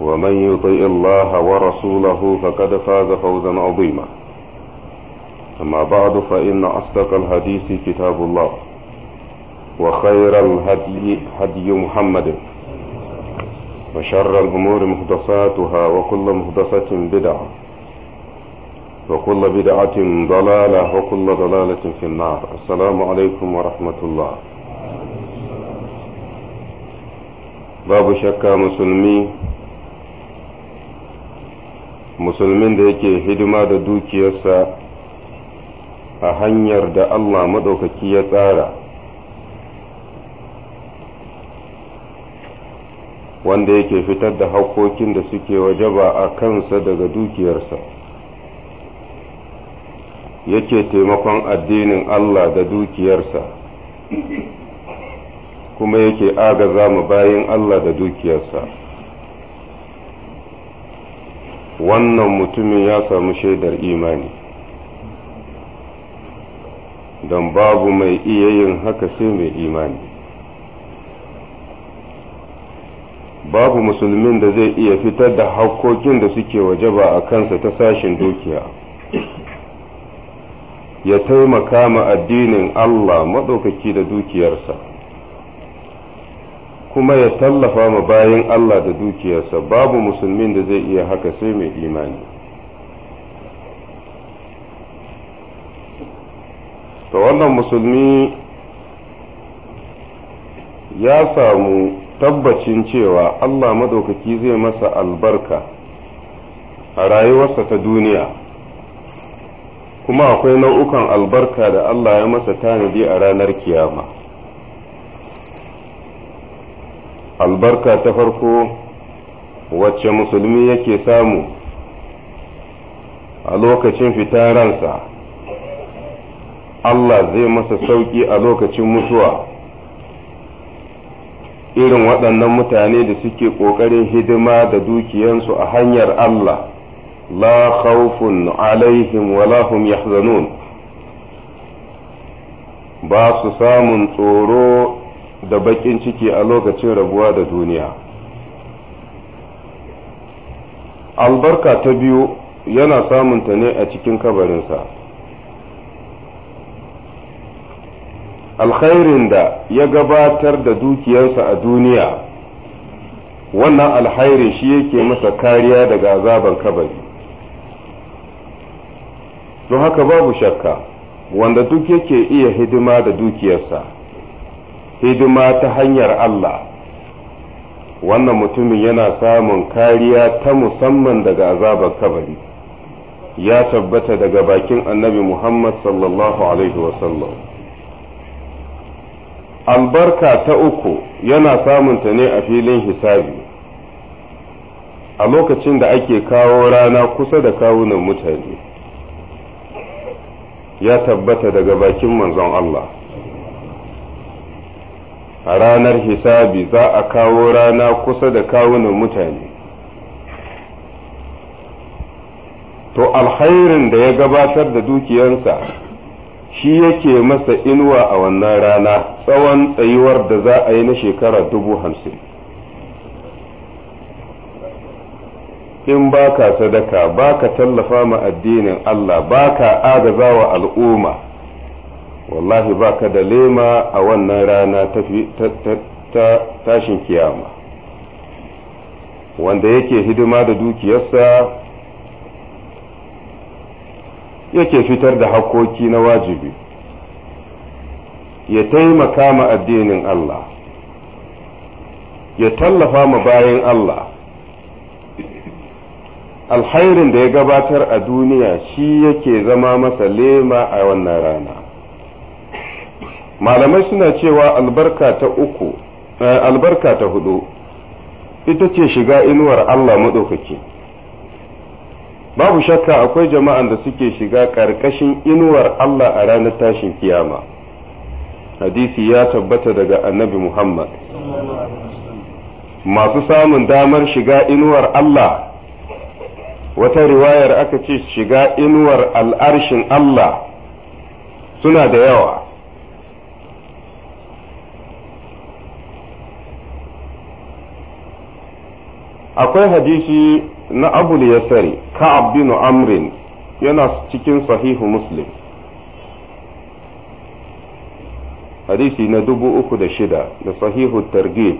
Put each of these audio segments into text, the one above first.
ومن يطيع الله ورسوله فقد فاز فوزا عظيما أما بعد فإن أصدق الحديث كتاب الله وخير الهدي هدي محمد وشر الأمور محدثاتها وكل محدثة بدعة وكل بدعة ضلالة وكل ضلالة في النار السلام عليكم ورحمة الله باب شكا مسلمي musulmin da yake hidima da dukiyarsa a hanyar da Allah maɗaukaki ya tsara wanda yake fitar da haƙoƙin da suke wajaba a kansa daga dukiyarsa yake taimakon addinin Allah da dukiyarsa kuma yake agaza mu bayin Allah da dukiyarsa wannan mutumin ya samu shaidar imani don babu mai iya yin haka sai mai imani babu musulmin da zai iya fitar da hakkokin da suke wajaba a kansa ta sashin dukiya ya taimaka ma addinin Allah maɗaukaki da dukiyarsa kuma ya tallafa ma bayan Allah da dukiyarsa babu musulmin da zai iya haka sai mai imani to wannan musulmi ya samu tabbacin cewa Allah madaukaki zai masa albarka a rayuwarsa ta duniya kuma akwai nau'ukan albarka da Allah ya masa tanadi a ranar kiyama. albarka ta farko wacce musulmi yake samu a lokacin fitaransa, Allah zai masa sauƙi a lokacin mutuwa irin waɗannan mutane da suke ƙoƙarin hidima da dukiyansu a hanyar Allah la khawfun alaihim wa lahum yahzanun ba su samun tsoro da bakin ciki a lokacin rabuwa da duniya albarka ta biyu yana samunta ne a cikin kabarinsa alkhairin da ya gabatar da dukiyarsa a duniya wannan alkhairin shi yake masa kariya daga azaban kabari don haka babu shakka wanda duk yake iya hidima da dukiyarsa hidima ta hanyar Allah wannan mutumin yana samun kariya ta musamman daga azabar kabari ya tabbata daga bakin annabi Muhammad sallallahu alaihi wasallam albarka ta uku yana samunta ne a filin hisabi a lokacin da ake kawo rana kusa da kawunan mutane ya tabbata daga bakin manzon Allah a ranar hisabi za a kawo rana kusa da kawunan mutane to alkhairin da ya gabatar da dukiyansa shi yake masa inuwa a wannan rana tsawon tsayuwar da za a yi na shekara dubu hamsin in ba ka sadaka ba ka tallafa ma addinin Allah ba ka agaza wa al'umma wallahi ba ka da lema a wannan rana ta tashin kiyama wanda yake hidima da dukiyarsa yake fitar da hakkoki na wajibi ya taimaka ma addinin Allah ya tallafa ma bayan Allah alhairin da ya gabatar a duniya shi yake zama masa lema a wannan rana malamai suna cewa albarka ta uku eh, albarka ta hudu ita ce shiga inuwar Allah maɗaukaki babu shakka akwai jama'an da suke shiga ƙarƙashin inuwar Allah a ranar tashin kiyama hadisi ya tabbata daga annabi Muhammad masu samun damar shiga inuwar Allah wata riwayar aka ce shiga inuwar al'arshin Allah suna da yawa akwai hadisi na abul yasari ka bin amrin yana cikin sahihu muslim hadisi na dubu uku da shida da sahihu targhib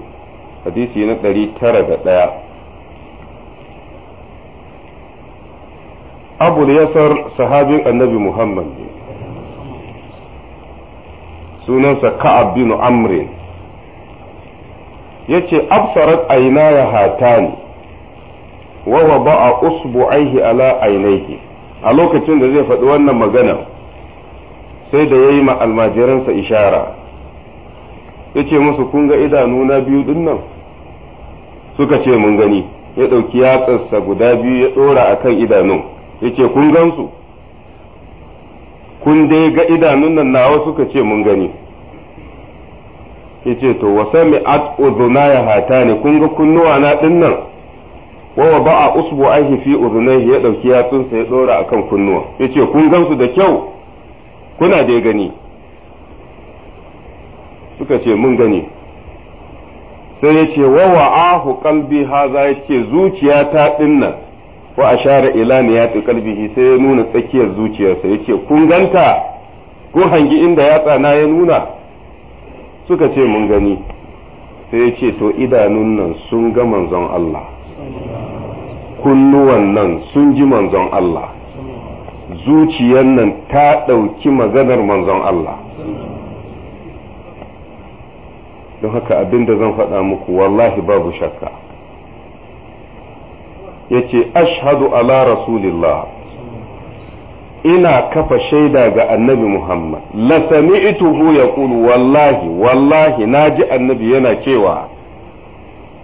hadisi na ɗari tara da ɗaya abul yasar sahabin annabi muhammad sunansa ka'ab bin amrin yace absarat ainaya hatani wa usbu aihi ala ainihi a lokacin da zai faɗi wannan magana sai da yayi ma almajiransa ishara ce musu kun ga idanu na biyu dinnan suka ce mun gani ya ɗauki yatsarsa guda biyu ya ɗora akan idanun ce kun gansu kun dai ga idanun nan nawa suka ce mun gani ce to mai wa ya hata ne kun ga kunnuwa na dinnan wa wa ba'a usbu'aihi fi udhunayhi ya dauki yatsunsa ya dora akan kunnuwa yace kun gansu da kyau kuna da gani suka ce mun gani sai yace wa ahu qalbi haza yace zuciya ta dinna wa ashara ila niyati qalbihi sai ya nuna tsakiyar zuciyarsa yace kun ganta kun hangi inda yatsa na ya nuna suka ce mun gani sai yace to idanun nan sun ga manzon Allah kunnuwan nan sun ji manzon Allah zuciyar nan ta ɗauki maganar manzon Allah don haka abin zan faɗa muku wallahi babu shakka yace ashhadu ala rasulillah ina kafa shaida ga annabi Muhammad la sami'tuhu yaqulu wallahi wallahi naji annabi yana cewa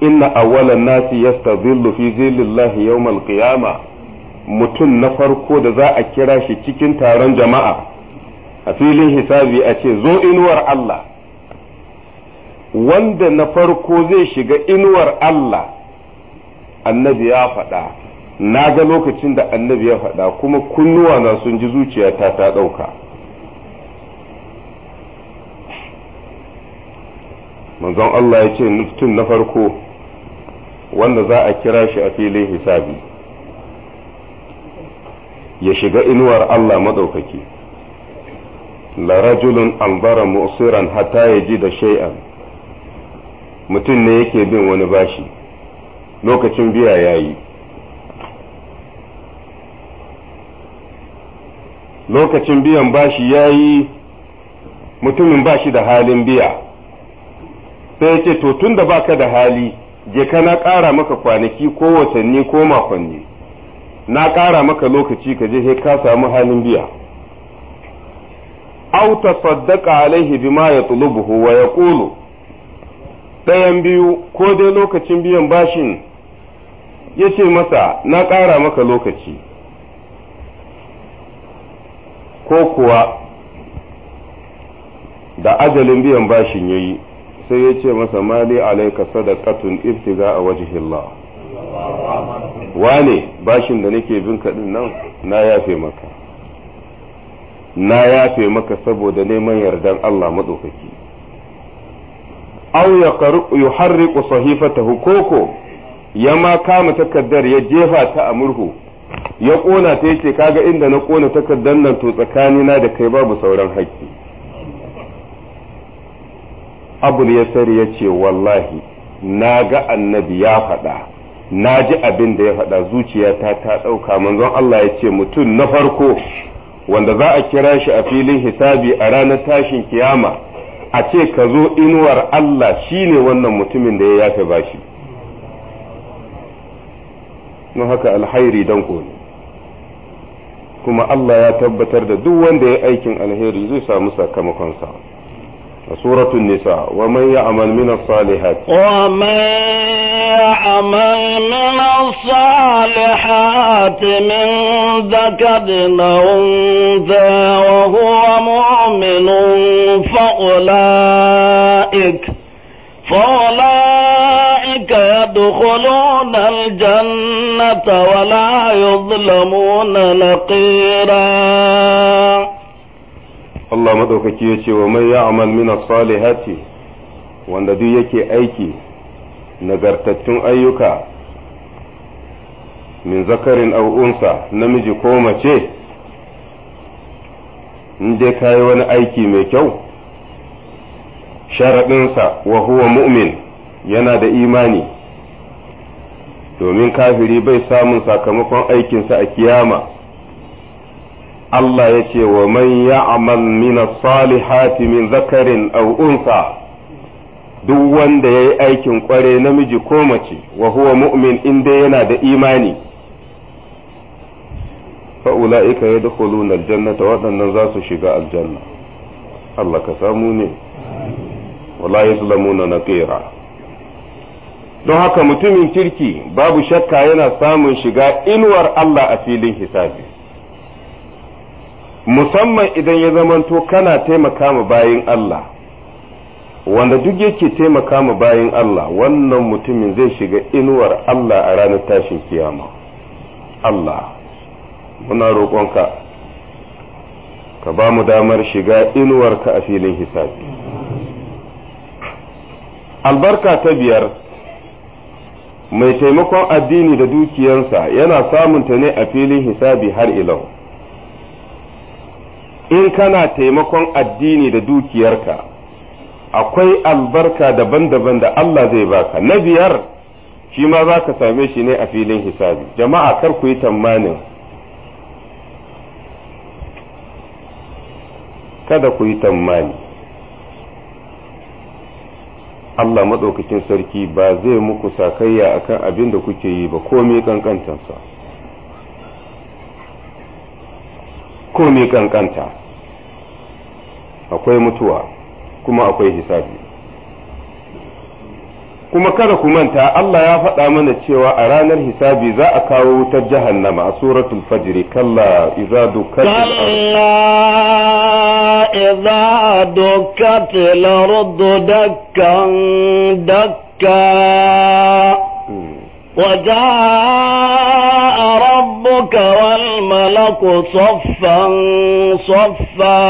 inna awwalan nasi yastazillu fi zillillahi yawmal mutum na farko da za a kira shi cikin taron jama'a a filin hisabi a ce zo inuwar Allah wanda na farko zai shiga inuwar Allah annabi ya faɗa na ga lokacin da annabi ya faɗa kuma kunnuwa na sun ji zuciyata ta ɗauka manzon Allah ya ce mutum na farko wanda za a kira shi a filin hisabi ya shiga inuwar Allah maɗaukaki la rajulun ambara mu'siran hatta ya ji da shay'an mutum ne yake bin wani bashi lokacin biya yayi lokacin biyan bashi yayi mutumin bashi da halin biya sai ya ce to tunda baka da hali je ka na ƙara maka kwanaki ko watanni ko makonni na ƙara maka lokaci ka je sai ka samu halin biya aw tasaddaqa alaihi bima yatlubuhu wa yaqulu ɗayan biyu ko dai lokacin biyan bashin ya masa na ƙara maka lokaci ko kuwa da ajalin biyan bashin yayi sai ya ce masa mali alaika sadaqatun ibtiga a Allah wane bashin da nake bin ka din nan na yafe maka na yafe maka saboda neman yardan Allah madaukaki aw yuharriqu sahifatahu koko ya ma kama takaddar ya jefa ta a murhu ya kona ta yace kaga inda na kona takaddar nan to tsakanina da kai babu sauran haƙƙi abul yasar ya ce wallahi na ga annabi ya faɗa na ji abin da ya faɗa zuciyata ta ɗauka manzon Allah ya ce mutum na farko wanda za a kira shi a filin hisabi a ranar tashin kiyama a ce ka zo inuwar Allah shine wannan mutumin da ya yafe bashi don haka alhairi dan ne kuma Allah ya tabbatar da duk wanda ya aikin alheri zai samu sakamakon sa سورة النساء ومن يعمل من الصالحات ومن يعمل من الصالحات من ذكر أنثى وهو مؤمن فأولئك فأولئك يدخلون الجنة ولا يظلمون نقيراً Allah madaukaki ya ce wa mai ya amal mina salihati wanda duk yake aiki nagartattun ayyuka min zakarin au'unsa namiji ko mace in dai ka yi wani aiki mai kyau sharaɗinsa wa huwa mu'min yana da imani domin kafiri bai samun sakamakon aikinsa a kiyama Allah ya ce wa man ya'mal min salihati min zakarin aw unsa duk wanda yayi aikin kware namiji ko mace wa huwa mu'min inda yana da imani fa ulaika yadkhuluna aljannata waɗannan za su shiga aljanna Allah ka samu ne wala na naqira don haka mutumin kirki babu shakka yana samun shiga inuwar Allah a filin hisabi musamman idan ya zamanto kana taimaka ma bayin Allah wanda duk yake taimaka ma bayin Allah wannan mutumin zai shiga inuwar Allah a ranar tashin kiyama Allah muna roƙonka ka ba mu damar shiga inuwarka a filin hisabi albarka ta biyar mai taimakon addini da dukiyarsa yana samunta ne a filin hisabi har ilau in kana taimakon addini da dukiyarka akwai albarka daban-daban da Allah zai baka na biyar shi ma za ka same shi ne a filin hisabi jama'a kar ku yi tamanin kada ku yi tammani Allah maɗaukakin sarki ba zai muku sakayya akan abin da kuke yi ba komai kankantansa komai kankanta akwai mutuwa kuma akwai hisabi kuma kada ku manta Allah ya faɗa mana cewa a ranar hisabi za a kawo wutar jahannama a suratul fajr kalla idza dukkatil kalla idza dukkatil ardu dakkan dakka hmm. وجاء ربك والملك صفا صفا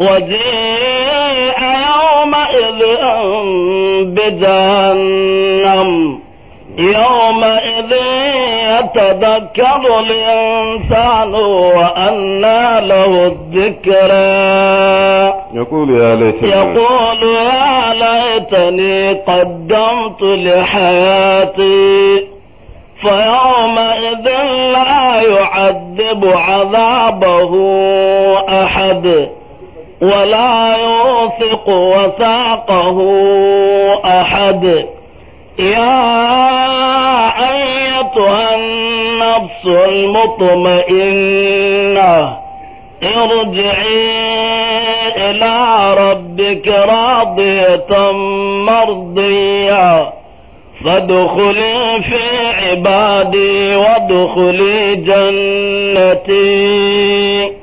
وجاء يومئذ بجهنم يومئذ يتذكر الإنسان وأنى له الذكرى يقول يا ليتني يقول يا ليتني قدمت لحياتي فيومئذ لا يعذب عذابه أحد ولا يوثق وثاقه أحد يا أيتها النفس المطمئنة ارجعي إلى ربك راضية مرضية فادخلي في عبادي وادخلي جنتي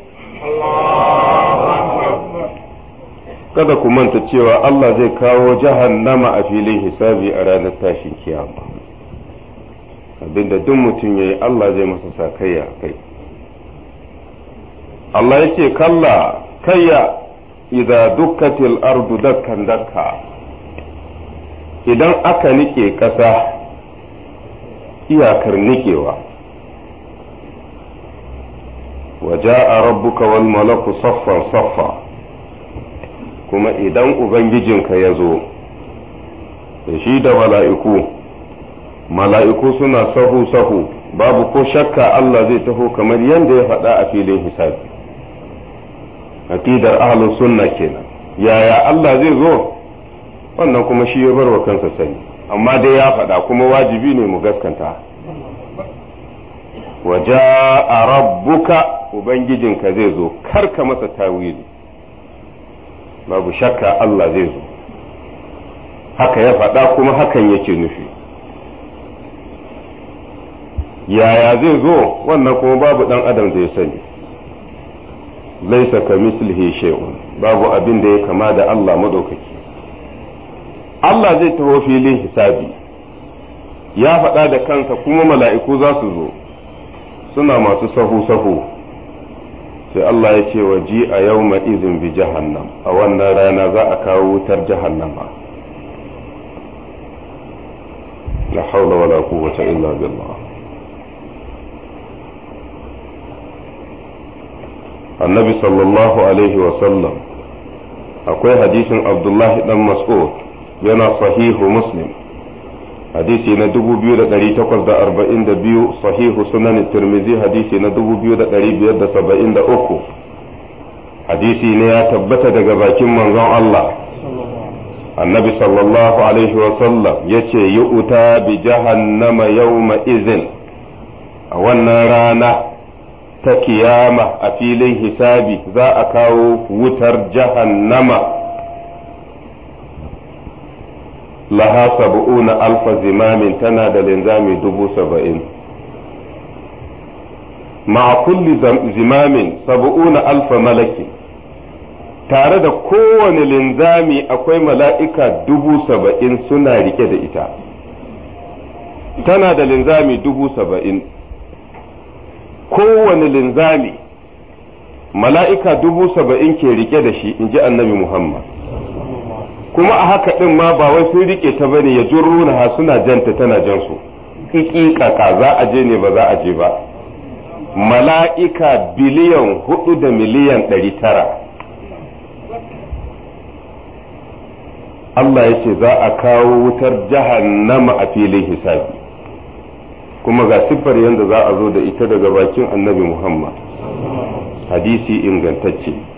kada ku manta cewa Allah zai kawo jahannama a filin hisabi a ranar tashin kiyama abinda duk mutum ya yi Allah zai masa sakayya a kai Allah ya ce kalla kayya idan dukkatil ardu dakkan dakka idan aka nike ƙasa iyakar nikewa waje a rabbuka wal malaku saffan saffa kuma idan ubangijinka ya zo da shi da mala'iku mala'iku suna sahu sahu babu ko shakka Allah zai taho kamar yadda ya faɗa a filin hisabi aqidar ahlus sunna kenan yaya Allah zai zo wannan kuma shi ya barwa kansa sani amma dai ya faɗa kuma wajibi ne mu gaskanta waja a rabbuka ubangijinka zai zo kar ka masa tawili babu shakka Allah zai zo haka ya faɗa kuma hakan yake nufi yaya zai zo wannan kuma babu ɗan adam zai sani laisa ka mislihi shay'un babu abin da ya kama da Allah madaukaki Allah zai taho filin hisabi ya faɗa da kansa kuma mala'iku za su zo suna masu sahu-sahu sai Allah ya ce wa ji a yau ma izin bi jahannam a wannan rana za a kawo wutar jahannama la haula wala quwwata illa billah annabi sallallahu alaihi wa sallam akwai hadisin abdullahi dan mas'ud yana sahihu muslim hadisi na 2842 sahihu sunan tirmizi hadisi na 2573 hadisi ne ya tabbata daga bakin manzon Allah annabi sallallahu alaihi wasallam ya ce yi uta bi jahannama yawma izin a wannan rana ta kiyama a filin hisabi za a kawo wutar jahannama laha sab'una alfa zimamin tana da linzami dubu saba'in ma kulli zimamin sab'una alfa malaki tare da kowane linzami akwai mala'ika dubu saba'in suna rike da ita tana da linzami dubu saba'in kowane linzami mala'ika dubu saba'in ke rike da shi in ji annabi Muhammad kuma a haka ɗin ma ba wai sun rike ta bane ya jurruna na suna janta tana jan su kikikaka za a je ne ba za a je ba mala'ika biliyan hudu da miliyan ɗari tara Allah ya ce za a kawo wutar jahannama a filin hisabi kuma ga siffar yadda za a zo da ita daga bakin annabi Muhammad hadisi ingantacce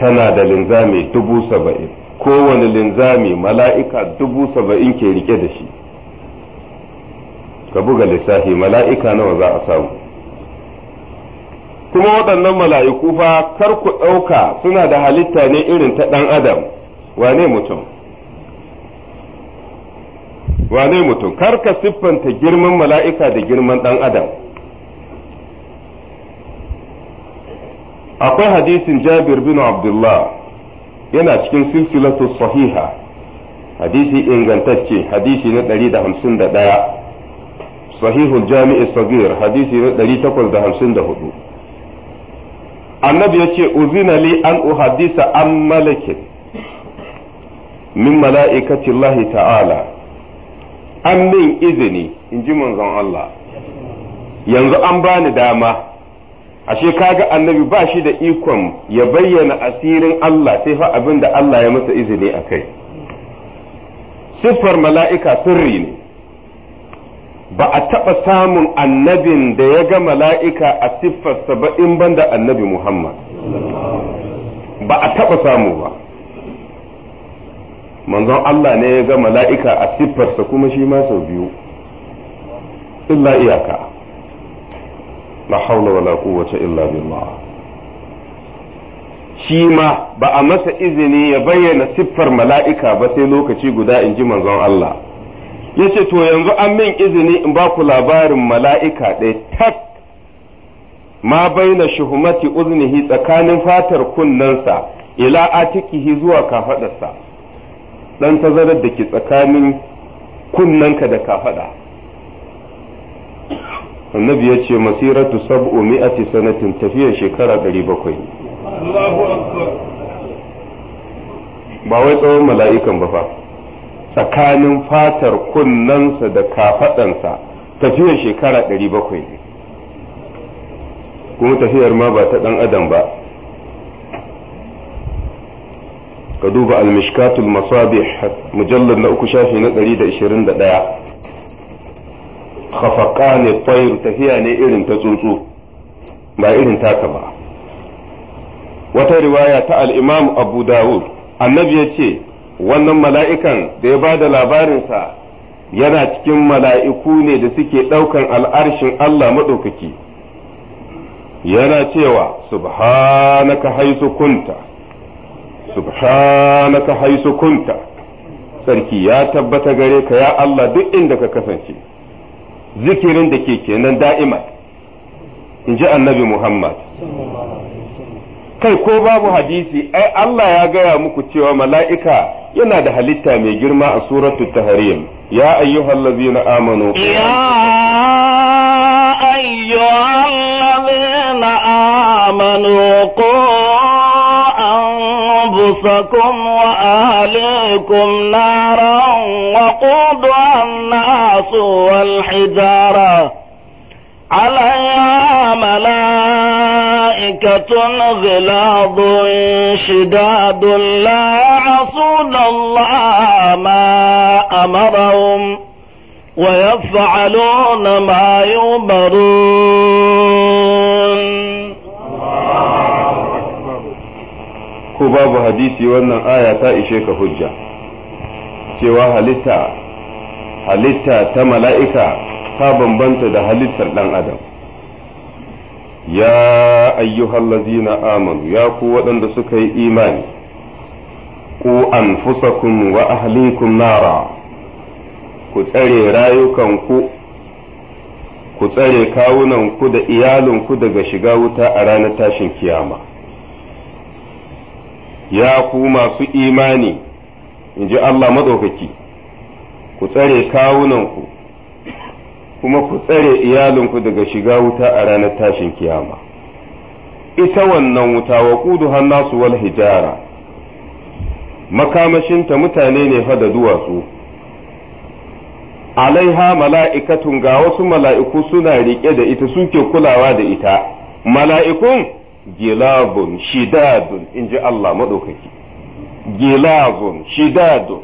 tana da linzami dubu saba'in kowane linzami mala'ika dubu saba'in ke rike da shi ka buga lissafi mala'ika nawa za a samu kuma waɗannan mala'iku fa kar ku ɗauka suna da halitta ne irin ta ɗan adam wane mutum wane mutum kar ka siffanta girman mala'ika da girman ɗan adam akwai hadisin jabir bin abdullah yana cikin silsilatu sahiha hadisi ingantacce hadisi na 151 sahihul jami'i sagir hadisi na 854 annabi yace uzina li an uhaddisa an malakin min mala'ikati Allah ta'ala an min izini in ji manzon Allah yanzu an bani dama ashe kaga annabi ba shi da ikon ya bayyana asirin Allah sai fa abin da Allah ya masa izini akai kai siffar mala'ika sirri ne ba a taɓa samun annabin da ya ga mala'ika a siffarsa ba in banda annabi Muhammad ba a taɓa samu ba manzon Allah ne ya ga mala'ika a siffarsa kuma shi ma sau biyu illa iyaka la haula wala quwwata illa billah shi ma ba a masa izini ya bayyana siffar mala'ika ba sai lokaci guda in ji manzon Allah ya ce to yanzu an min izini in ba ku labarin mala'ika ɗaya tak ma baina shuhumati uznihi tsakanin fatar kunnensa ila atikihi zuwa kafadarsa ɗan tazarar da ke tsakanin kunnanka da kafada annabi ya ce masiratu sab'u mi'ati sanatin tafiyar shekara ɗari bakwai ba wai tsawon mala'ikan ba fa tsakanin fatar kunnensa da kafaɗansa tafiyar shekara 700 kuma tafiyar ma ba ta ɗan adam ba ka duba al-mishkatul masabih mujallad na uku shafi na 121 khafaqani tayr tafiya ne irin ta tsuntsu ba irin taka ba wata riwaya ta al-Imam Abu Dawud annabi ya ce wannan mala'ikan da ya ba da labarinsa yana cikin mala'iku ne da suke ɗaukan al'arshin Allah maɗaukaki yana cewa subhanaka haisu kunta subhanaka haisu kunta sarki ya tabbata gare ka ya Allah duk inda ka kasance zikirin da ke kenan da'ima in ji annabi Muhammad kai ko babu hadisi ai Allah ya gaya muku cewa mala'ika yana da halitta mai girma a suratu tahrim ya ayyuhallazina amanu ya na amanu أنفسكم وأهليكم نارا وقودها الناس والحجارة عليها ملائكة غلاظ شداد لا يعصون الله ما أمرهم ويفعلون ما يؤمرون ko babu hadisi wannan aya ta ishe ka hujja cewa halitta halitta ta mala'ika ta bambanta da halittar ɗan adam ya Ladina amanu ya ku waɗanda suka yi imani ku anfusakum wa ahlikum nara ku tsare rayukanku ku tsare kawunanku da iyalinku daga shiga wuta a ranar tashin kiyama ya ku masu imani in ji Allah maɗaukaki ku tsare kawunanku kuma ku tsare iyalinku daga shiga wuta a ranar tashin kiyama ita wannan wuta wa ƙudu nasu wal hijara makamashinta mutane ne fa da duwatsu alaiha mala'ikatun ga wasu mala'iku suna riƙe da ita suke kulawa da ita mala'ikun gilabun shidadun in ji Allah maɗaukaki gilabun shidadun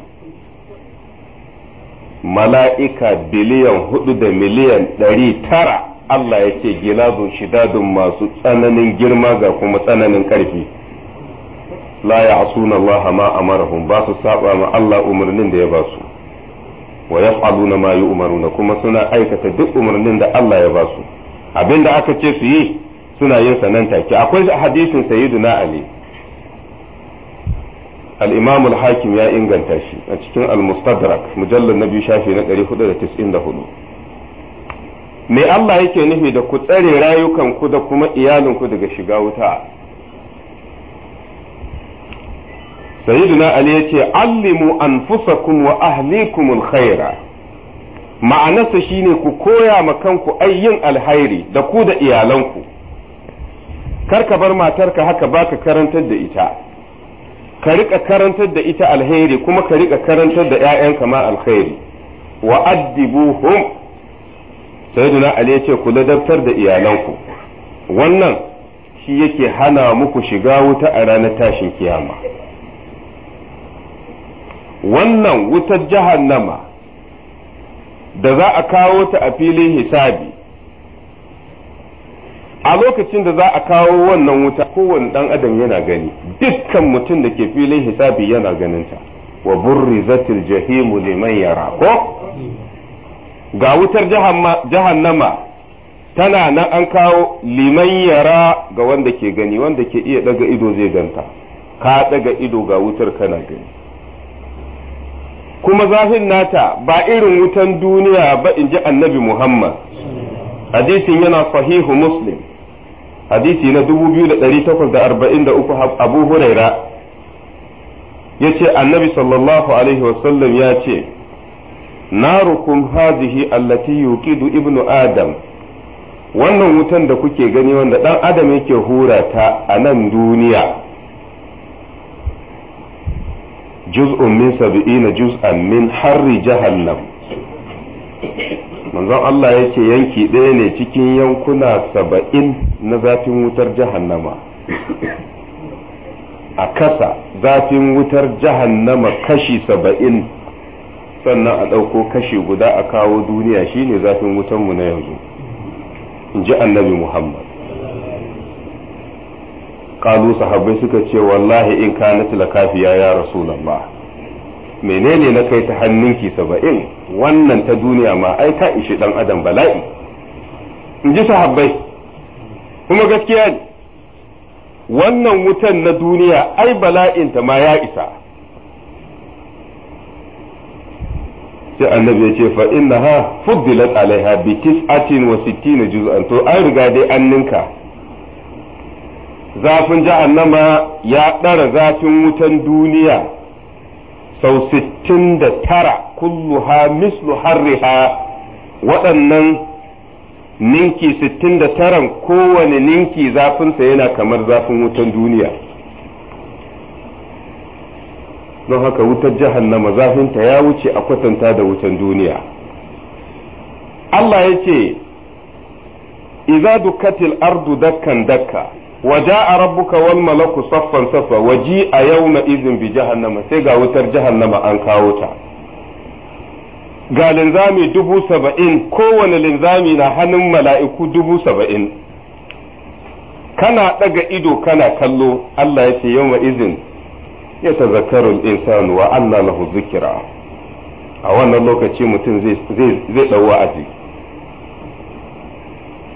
mala'ika biliyan hudu da miliyan ɗari tara Allah ya ce gilabun shidadun masu tsananin girma ga kuma tsananin ƙarfi la ya asuna Allah ma amarahum ba su saba ma Allah umarnin da ya ba su wa yaf'aluna ma yu'maruna kuma suna aikata duk umarnin da Allah ya ba su abinda aka ce su yi suna yin sa nan take akwai hadisin sayyiduna ali al-imam al-hakim ya inganta shi a cikin al-mustadrak mujallal na shafi na 494 me Allah yake nufi da ku tsare rayukanku da kuma iyalinku daga shiga wuta sayyiduna ali yace allimu anfusakum wa al khaira ma'anarsa shine ku koya ma kanku ayyin alhairi da ku da iyalanku kar ka bar matarka haka baka karantar da ita ka rika karantar da ita alheri kuma ka rika karantar da 'ya'yanka ma alheri wa addibuhum sayyiduna ali yace ku ladabtar da iyalanku wannan shi yake hana muku shiga wuta a ranar tashin kiyama wannan wutar jahannama da za a kawo ta a filin hisabi a lokacin da za a kawo wannan wuta kowane ɗan adam yana gani dukkan mutum da ke filin hisabi yana ganinta wa zatil jahimu liman yara ko ga wutar jahannama tana nan an kawo liman yara ga wanda ke gani wanda ke iya daga ido zai ganta ka daga ido ga wutar kana gani kuma zafin nata ba irin wutan duniya ba in ji annabi muhammad hadisin yana sahihu muslim hadisi na 2843 abu huraira yace annabi sallallahu alaihi wasallam ya ce narukum hadhihi allati yuqidu ibnu adam wannan wutan da kuke gani wanda dan adam yake hura ta a nan duniya juz'un min sab'ina juz'an min harri jahannam manzon Allah ya ce yanki ɗaya ne cikin yankuna saba'in na zafin wutar jahannama a kasa zafin wutar jahannama kashi saba'in sannan a ɗauko kashi guda a kawo duniya shi ne zafin wutanmu na yanzu in ji annabi muhammad kalu sahabbai suka ce wallahi in kanat kafiya ya rasulullah menene na kai ta hannunki saba'in wannan ta duniya ma ai ta ishi dan adam bala'i in ji sahabbai kuma gaskiya ne wannan wutan na duniya ai bala'inta ma ya isa sai annabi ya ce fa inna ha fuddilat alaiha bi tis'atin wa sittina juz'an to ai riga dai an ninka zafin jahannama ya ɗara zafin wutan duniya sau sittin da tara kulluha mislu harriha waɗannan ninki sittin da taran kowane ninki zafinsa yana kamar zafin wutan duniya don haka wutar jahannama zafinta ya wuce a kwatanta da wutan duniya Allah ya ce iza dukkatil ardu dakkan dakka wa a rabbuka wal malaku saffan saffa wa a na izin bi jahannama sai ga wutar jahannama an kawo ta ga linzami dubu saba'in kowane linzami na hannun mala'iku dubu saba'in kana ɗaga ido kana kallo Allah ya ce yawma izin ya tazakkaru insanu wa Allah lahu zikira a wannan lokaci mutum zai ɗau aji,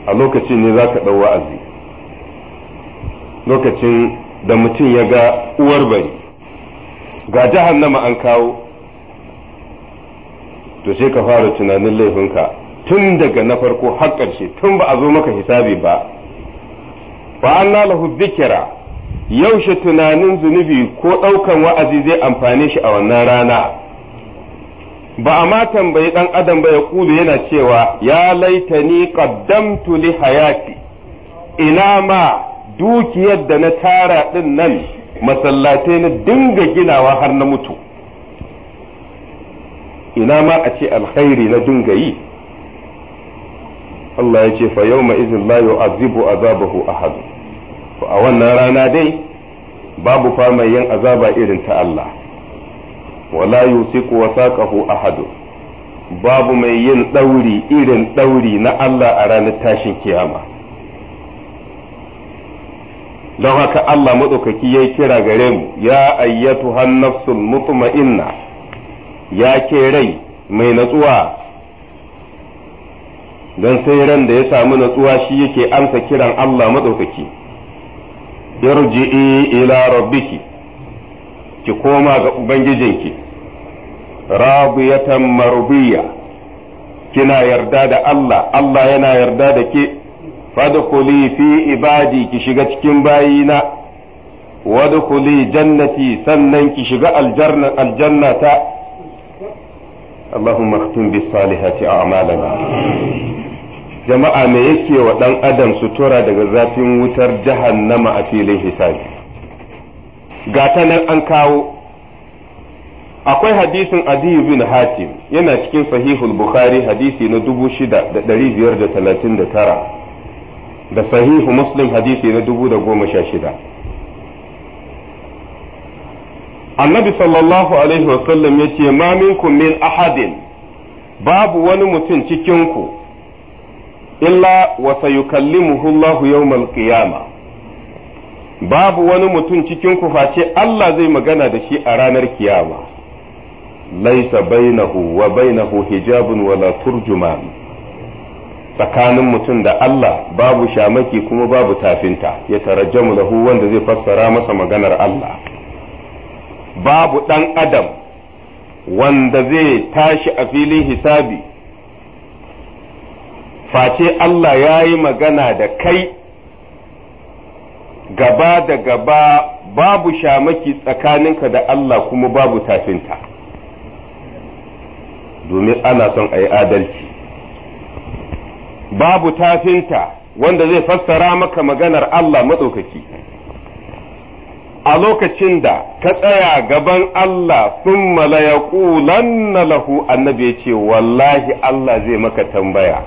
a lokaci ne za ka ɗau wa'azi lokacin da mutum ya ga uwar bari ga jahannama an kawo to sai ka fara tunanin laifinka tun daga na farko har ƙarshe tun ba a zo maka hisabi ba ba an lalahu zikira yaushe tunanin zunubi ko ɗaukan wa'azi zai amfane shi a wannan rana ba a ma tambayi ɗan adam ba ya kulu yana cewa ya laita laitani ƙaddamtu li hayati ina ma dukiyar da na tara din nan masallatai na dinga ginawa har na mutu ina ma a ce alkhairi na dinga yi Allah ya ce fa yau izin la yu'azibu azabahu ahad to a wannan rana dai babu fa yin azaba irin ta Allah wala yusiku wasaqahu ahad babu mai yin dauri irin dauri na Allah a ranar tashin kiyama don haka Allah maɗaukaki ya kira gare mu ya ayyatu hannafsul mutma'inna ya ke rai mai natsuwa don sai ran da ya samu natsuwa shi yake amsa kiran Allah maɗaukaki irji'i ila rabbiki ki koma ga ubangijinki rabiyatan marbiya kina yarda da Allah Allah yana yarda da ke fadkhuli fi ibadi ki shiga cikin bayina wadkhuli jannati sannan ki shiga aljanna aljannata اللهم اختم بالصالحات أعمالنا jama'a me yake wa ɗan adam sutura daga zafin wutar jahannama a filin hisabi ga ta nan an kawo akwai hadisin adiyu bin hatim yana cikin sahihul bukhari hadisi na 6539 da sahihu muslim hadisi na dubu da goma sha shida annabi sallallahu alaihi wasallam ya ce ma minkum min ahadin babu wani mutum cikinku illa wa sayukallimuhu Allahu yawmal qiyama babu wani mutum cikin ku face Allah zai magana da shi a ranar kiyama laisa bainahu wa bainahu hijabun wala turjuman tsakanin mutum da Allah babu shamaki kuma babu tafinta ya tarajjamu lahu wanda zai fassara masa maganar Allah babu ɗan adam wanda zai tashi a filin hisabi face Allah ya yi magana da kai gaba da gaba babu shamaki tsakaninka da Allah kuma babu tafinta domin ana son a yi adalci babu tafinta wanda zai fassara maka maganar Allah matsokaki a lokacin da ka tsaya gaban Allah sun malaya na lahu annabi ya ce wallahi Allah zai maka tambaya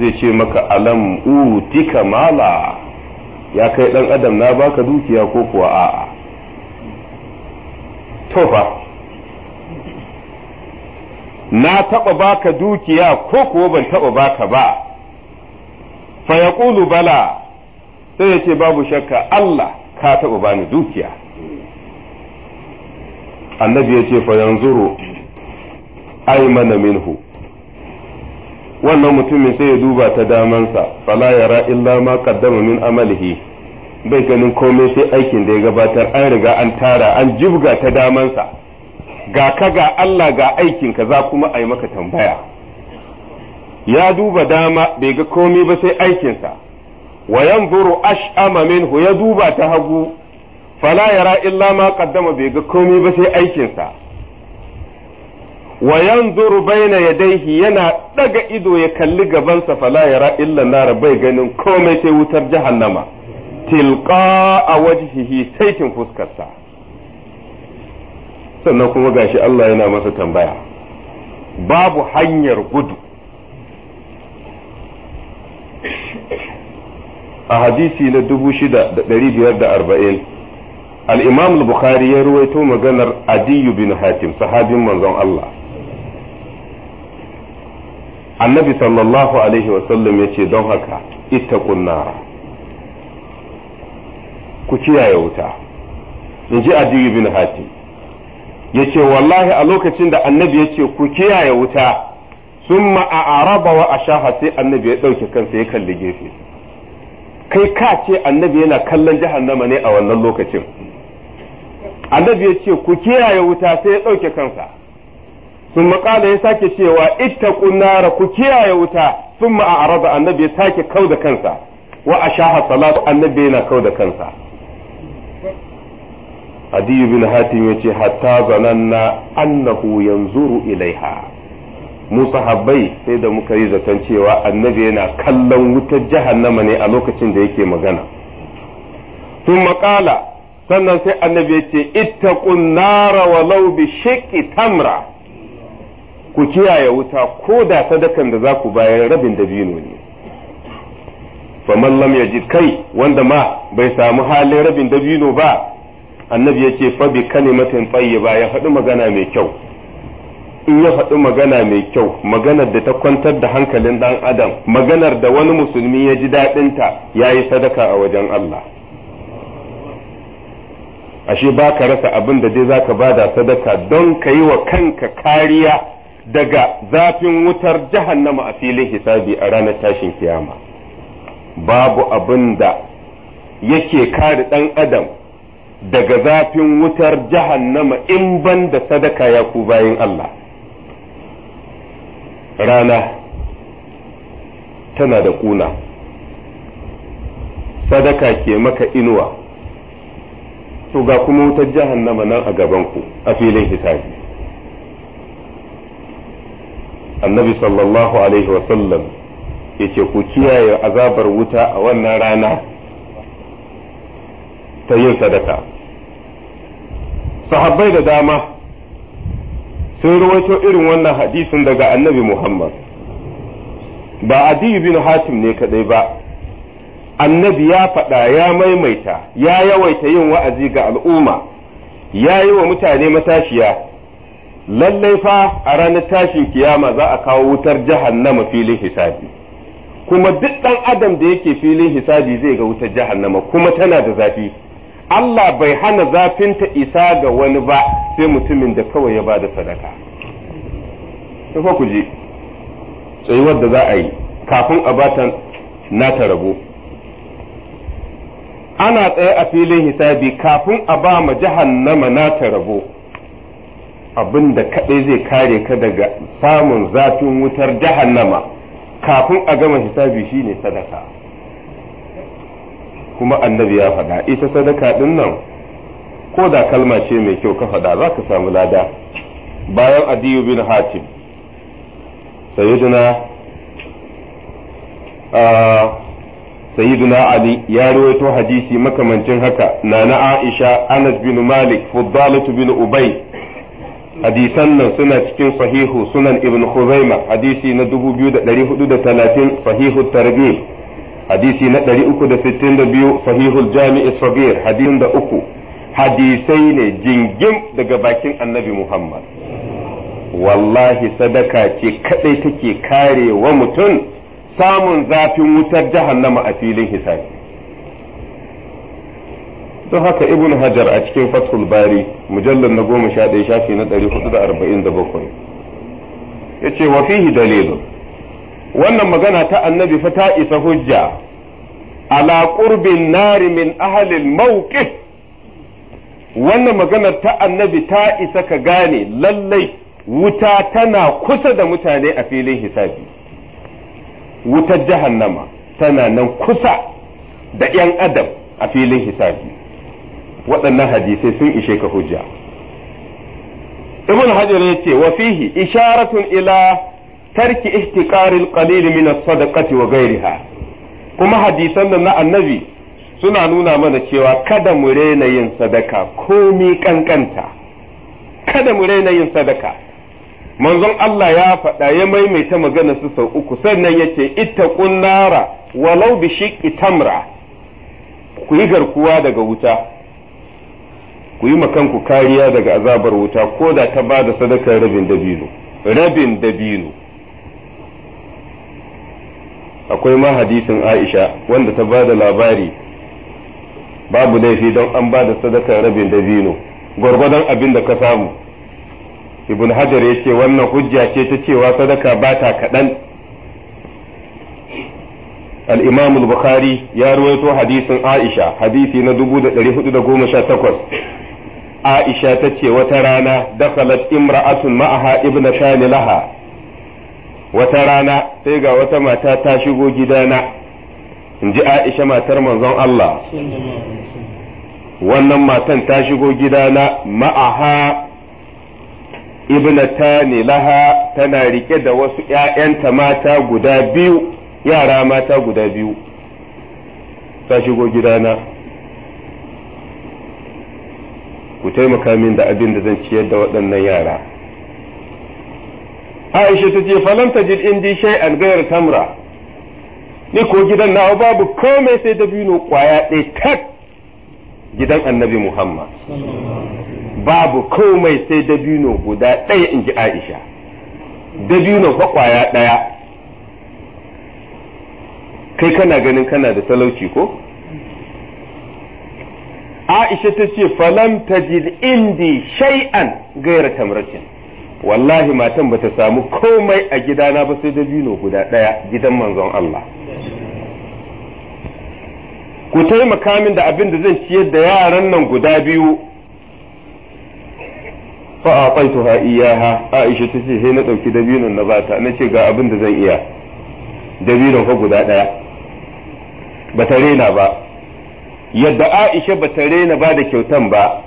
zai ce maka alam utika mala ya kai ɗan adam na baka dukiya ko kuwa a'a na taɓa baka dukiya ko kuwa ban taɓa baka ba fa yaqulu bala sai ya ce babu shakka Allah ka taɓa bani dukiya annabi ya ce fa yanzuru mana minhu wannan mutumin sai ya duba ta damansa fala yara illa ma qaddama min amalihi bai ganin komai sai aikin da ya gabatar an riga an tara an jibga ta damansa ga ka ga Allah ga aikinka za kuma a yi maka tambaya ya duba dama bai ga komai ba sai aikinsa wa yanzuru ash'ama minhu ya duba ta hagu fala yara illa ma qaddama bai ga komai ba sai aikinsa wa yanzuru baina yadayhi yana daga ido ya kalli gabansa fala yara illa nar bai ganin komai sai wutar jahannama tilqa a wajhihi saitin fuskarsa sannan kuma gashi Allah yana masa tambaya babu hanyar gudu a hadisi na 6540 al-imam al-bukhari ya ruwaito maganar adiyu bin hatim sahabin manzon Allah annabi sallallahu alaihi wasallam ya ce don haka ita nara ku kiyaye wuta in ji adiyu bin hatim yace wallahi a lokacin da annabi yace ku kiyaye wuta summa a'araba wa ashaha sai annabi ya dauke kansa ya kalli gefe kai ka ce annabi yana kallon jahannama ne a wannan lokacin annabi yace ce ku kiyaye wuta sai ya dauke kansa sun maƙala ya sake cewa ittaqun nar ku kiyaye wuta sun a annabi ya sake kauda kansa wa ashaha salat annabi yana kauda kansa adiyu bin hatim ya ce hatta zananna annahu yanzuru ilaiha musa sahabbai sai da muka yi zaton cewa annabi yana kallon wutar jahannama ne a lokacin da yake magana tun maƙala sannan sai annabi ya ce ittaqun nara walau bi shiqqi tamra ku kiyaye wuta ko da sadakan da za ku bayar rabin dabino ne faman lam yajid kai wanda ma bai samu halin rabin dabino ba annabi ya ce fa bi kalimatin tayyiba ya faɗi magana mai kyau in ya faɗi magana mai kyau maganar da ta kwantar da hankalin ɗan adam maganar da wani musulmi ya ji daɗinta ya yi sadaka a wajen Allah ashe ba ka rasa abin da dai za ka bada sadaka don ka yi wa kanka kariya daga zafin wutar jahannama a filin hisabi a ranar tashin kiyama babu abin da yake kare ɗan adam daga zafin wutar jahannama in ban da sadaka ya ku bayin Allah rana tana da ƙuna sadaka ke maka inuwa to ga kuma wutar jahannama nan a gabanku a filin hisabi annabi sallallahu alaihi wasallam ya ce ku kiyaye azabar wuta a wannan rana ta yin sadaka sahabbai da dama sun ruwaito irin wannan hadisin daga annabi muhammad ba adi bin hatim ne kadai ba annabi ya faɗa ya maimaita ya yawaita yin wa'azi ga al'umma ya yi wa mutane matashiya lallai fa a ranar tashin kiyama za a kawo wutar jahannama filin hisabi kuma duk ɗan adam da yake filin hisabi zai ga wutar jahannama kuma tana da zafi Allah bai hana zafin ta isa ga wani ba sai mutumin da kawai ya ba da sadaka fa ku je tsayuwar da za a yi kafin a bata na ta rabo ana tsaye a filin hisabi kafin a ba ma jahannama na ta rabo abin da kaɗai zai kare ka daga samun zafin wutar jahannama kafin a gama hisabi shine sadaka kuma annabi ya faɗa ita sadaka ɗin nan ko da kalma ce mai kyau ka faɗa za ka samu lada bayan adiyu bin hatim sayyiduna ali ya ruwaito hadisi makamancin haka na na aisha anas bin malik fuddalatu bin ubai hadisan nan suna cikin sahihu sunan ibn khuzaima hadisi na 2430 sahihu targhib hadisi na 362 sahihul jami'i sabir hadisin da uku hadisai ne jingim daga bakin annabi Muhammad wallahi sadaka ce kadai take kare wa mutum samun zafin wutar jahannama a filin hisabi don haka ibn hajar a cikin fathul bari mujallar na goma sha ɗaya shafi na ɗari da arba'in da ya ce wa fihi dalilun wannan magana ta annabi fa ta isa hujja ala qurbin nari min ahlil mawqif wannan magana ta annabi ta isa ka gane lallai wuta tana kusa da mutane a filin hisabi wutar jahannama tana nan kusa da 'yan adam a filin hisabi waɗannan hadisai sun ishe ka hujja ibn hajar ya ce wa fihi isharatun ila tarki ihtiqaril qalil min as-sadaqati wa ghayriha kuma hadisan nan na annabi suna nuna mana cewa kada mu rena yin sadaka komi kankanta kada mu rena yin sadaka manzon Allah ya faɗa ya maimaita magana su sau uku sannan yace ittaqun nara walau bi shiqqi tamra ku yi garkuwa daga wuta ku yi kanku kariya daga azabar wuta ko da ta bada sadakar rabin dabino rabin dabino akwai ma hadisin Aisha wanda ta ba da labari babu laifi don an ba da sadakar rabin dabino gwargwadon abin da ka samu ibn hajar ya ce wannan hujja ce ta cewa sadaka ba ta kaɗan al-imam bukhari ya ruwaito hadisin aisha hadisi na 1418 aisha ta ce wata rana dakalat imra'atun ma'aha ibn shani laha wata rana sai ga wata mata ta shigo gidana in ji aisha matar manzon Allah wannan matan ta shigo gidana ma'aha ibnata ne laha tana rike da wasu ‘ya'yanta mata guda biyu yara mata guda biyu ta shigo gidana ku taimaka min da abin da zan ciyar da waɗannan yara Aisha ta ce falan tajid indi shay'an gayar tamra ni ko gidan nawa babu komai sai dabino kwaya ɗaya tak gidan annabi Muhammad babu komai sai dabino guda ɗaya in ji Aisha dabino kwa kwaya ɗaya kai kana ganin kana da talauci ko Aisha ta ce ta tajid indi shay'an gayar tamratin wallahi matan ba ta samu komai a gidana ba sai dabino guda ɗaya gidan manzon Allah ku taimaka min da abin da zan ciyar da yaran nan guda biyu fa a ha iyaha aisha ta ce sai na ɗauki dabinon na bata na ce ga abin da zan iya dabinon fa guda ɗaya ba ta rena ba yadda aisha ba ta rena ba da kyautan ba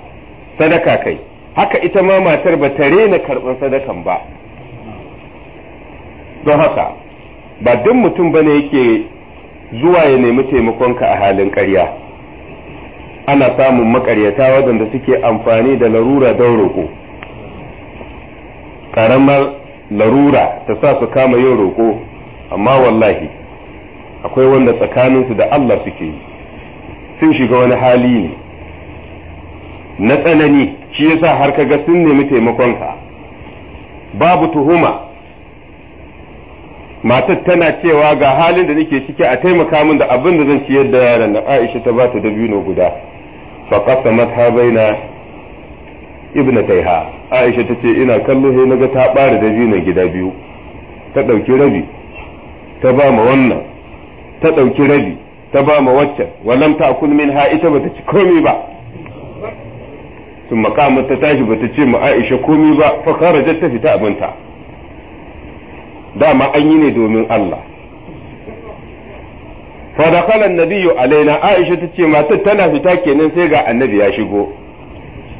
sadaka kai haka ita ma matar ba ta rena karɓar sadakan ba don haka ba duk mutum ba ne yake zuwa ya nemi taimakon ka a halin ƙarya ana samun makaryata waɗanda suke amfani da larura don roƙo ƙaramar larura ta sa su kama yin roƙo amma wallahi akwai wanda tsakaninsu da Allah suke yi sun shiga wani hali ne na tsanani shi yasa har kaga sun nemi taimakonka babu tuhuma matar tana cewa ga halin da nake ciki a taimaka min da abin da zan ciyar da yaran nan Aisha ta bata dabino guda fa qasamat ha baina ibnataiha Aisha ta ce ina kallo sai naga ta bare dabino gida biyu ta dauki rabi ta ba ma wannan ta dauki rabi ta ba ma waccan walam ta akul minha ita bata ci komai ba tun makamar ta ba ta ce ma Aisha komai ba fa kharajar ta fita abinta dama an yi ne domin Allah fa dakhala an-nabiyyu alaina Aisha ta ce matar tana fita kenan sai ga annabi ya shigo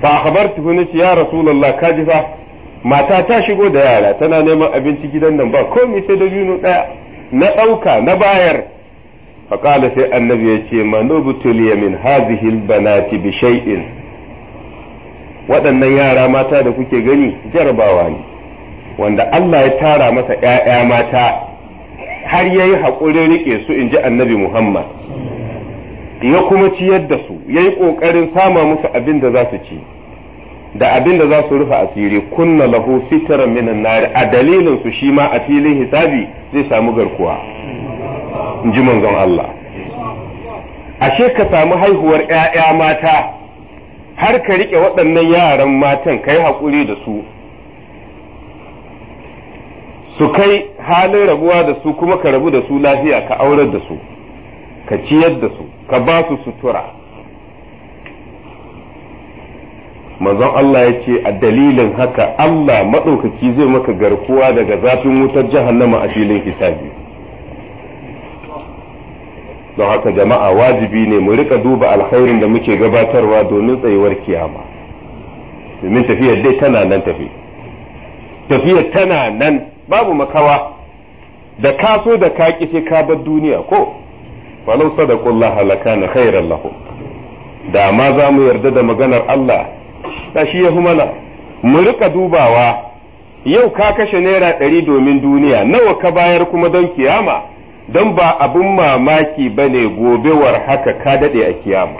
fa akhbartuhu nace ya rasulullah kaji fa mata ta shigo da yara tana neman abinci gidan nan ba komai sai da binu ɗaya na ɗauka na bayar fa qala sai annabi ya ce manubutul min hadhihi al-banati bi shay'in waɗannan yara mata da kuke gani jarabawa ne wanda Allah ya tara masa ‘ya'ya mata har ya yi haƙurin riƙe su in ji annabi Muhammad ya kuma ciyar da su ya yi ƙoƙarin sama musu abin da za su ci da abin da za su rufe asiri kunna lahu sitran minan nar a dalilin su shi ma a filin hisabi zai samu garkuwa in ji manzon Allah ashe ka samu haihuwar ‘ya'ya mata har ka riƙe waɗannan yaran matan ka yi haƙuri da su su kai halin rabuwa da su kuma ka rabu da su lafiya ka aurar da su ka ciyar da su ka ba su sutura manzon Allah ya ce a dalilin haka Allah maɗaukaki zai maka garkuwa daga zafin wutar jahannama a filin hisabi don haka jama'a wajibi ne mu rika duba alkhairin da muke gabatarwa domin tsayuwar kiyama domin tafiyar dai tana nan tafi tafiyar tana nan babu makawa da ka so da ka ki sai ka bar duniya ko falau sadaqullah lakana khairan lahum da ma za mu yarda da maganar Allah da shi ya mana mu rika dubawa yau ka kashe naira ɗari domin duniya nawa ka bayar kuma don kiyama don ba abin mamaki ba ne gobewar haka ka daɗe a kiyama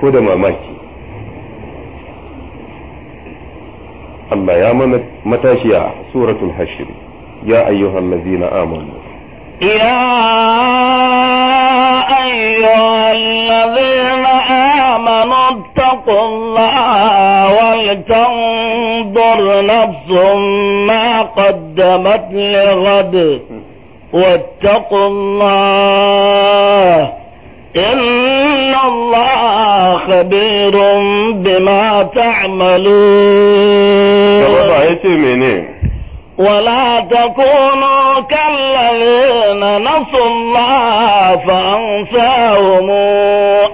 ko da mamaki Allah ya mana matashiya suratul hashir ya ayyuhallazina amanu إلى أيها الذين آمنوا اتقوا الله ولتنظر نفس ما قدمت لغد واتقوا الله إن الله خبير بما تعملون. ولا تكونوا كالذين نسوا الله فأنساهم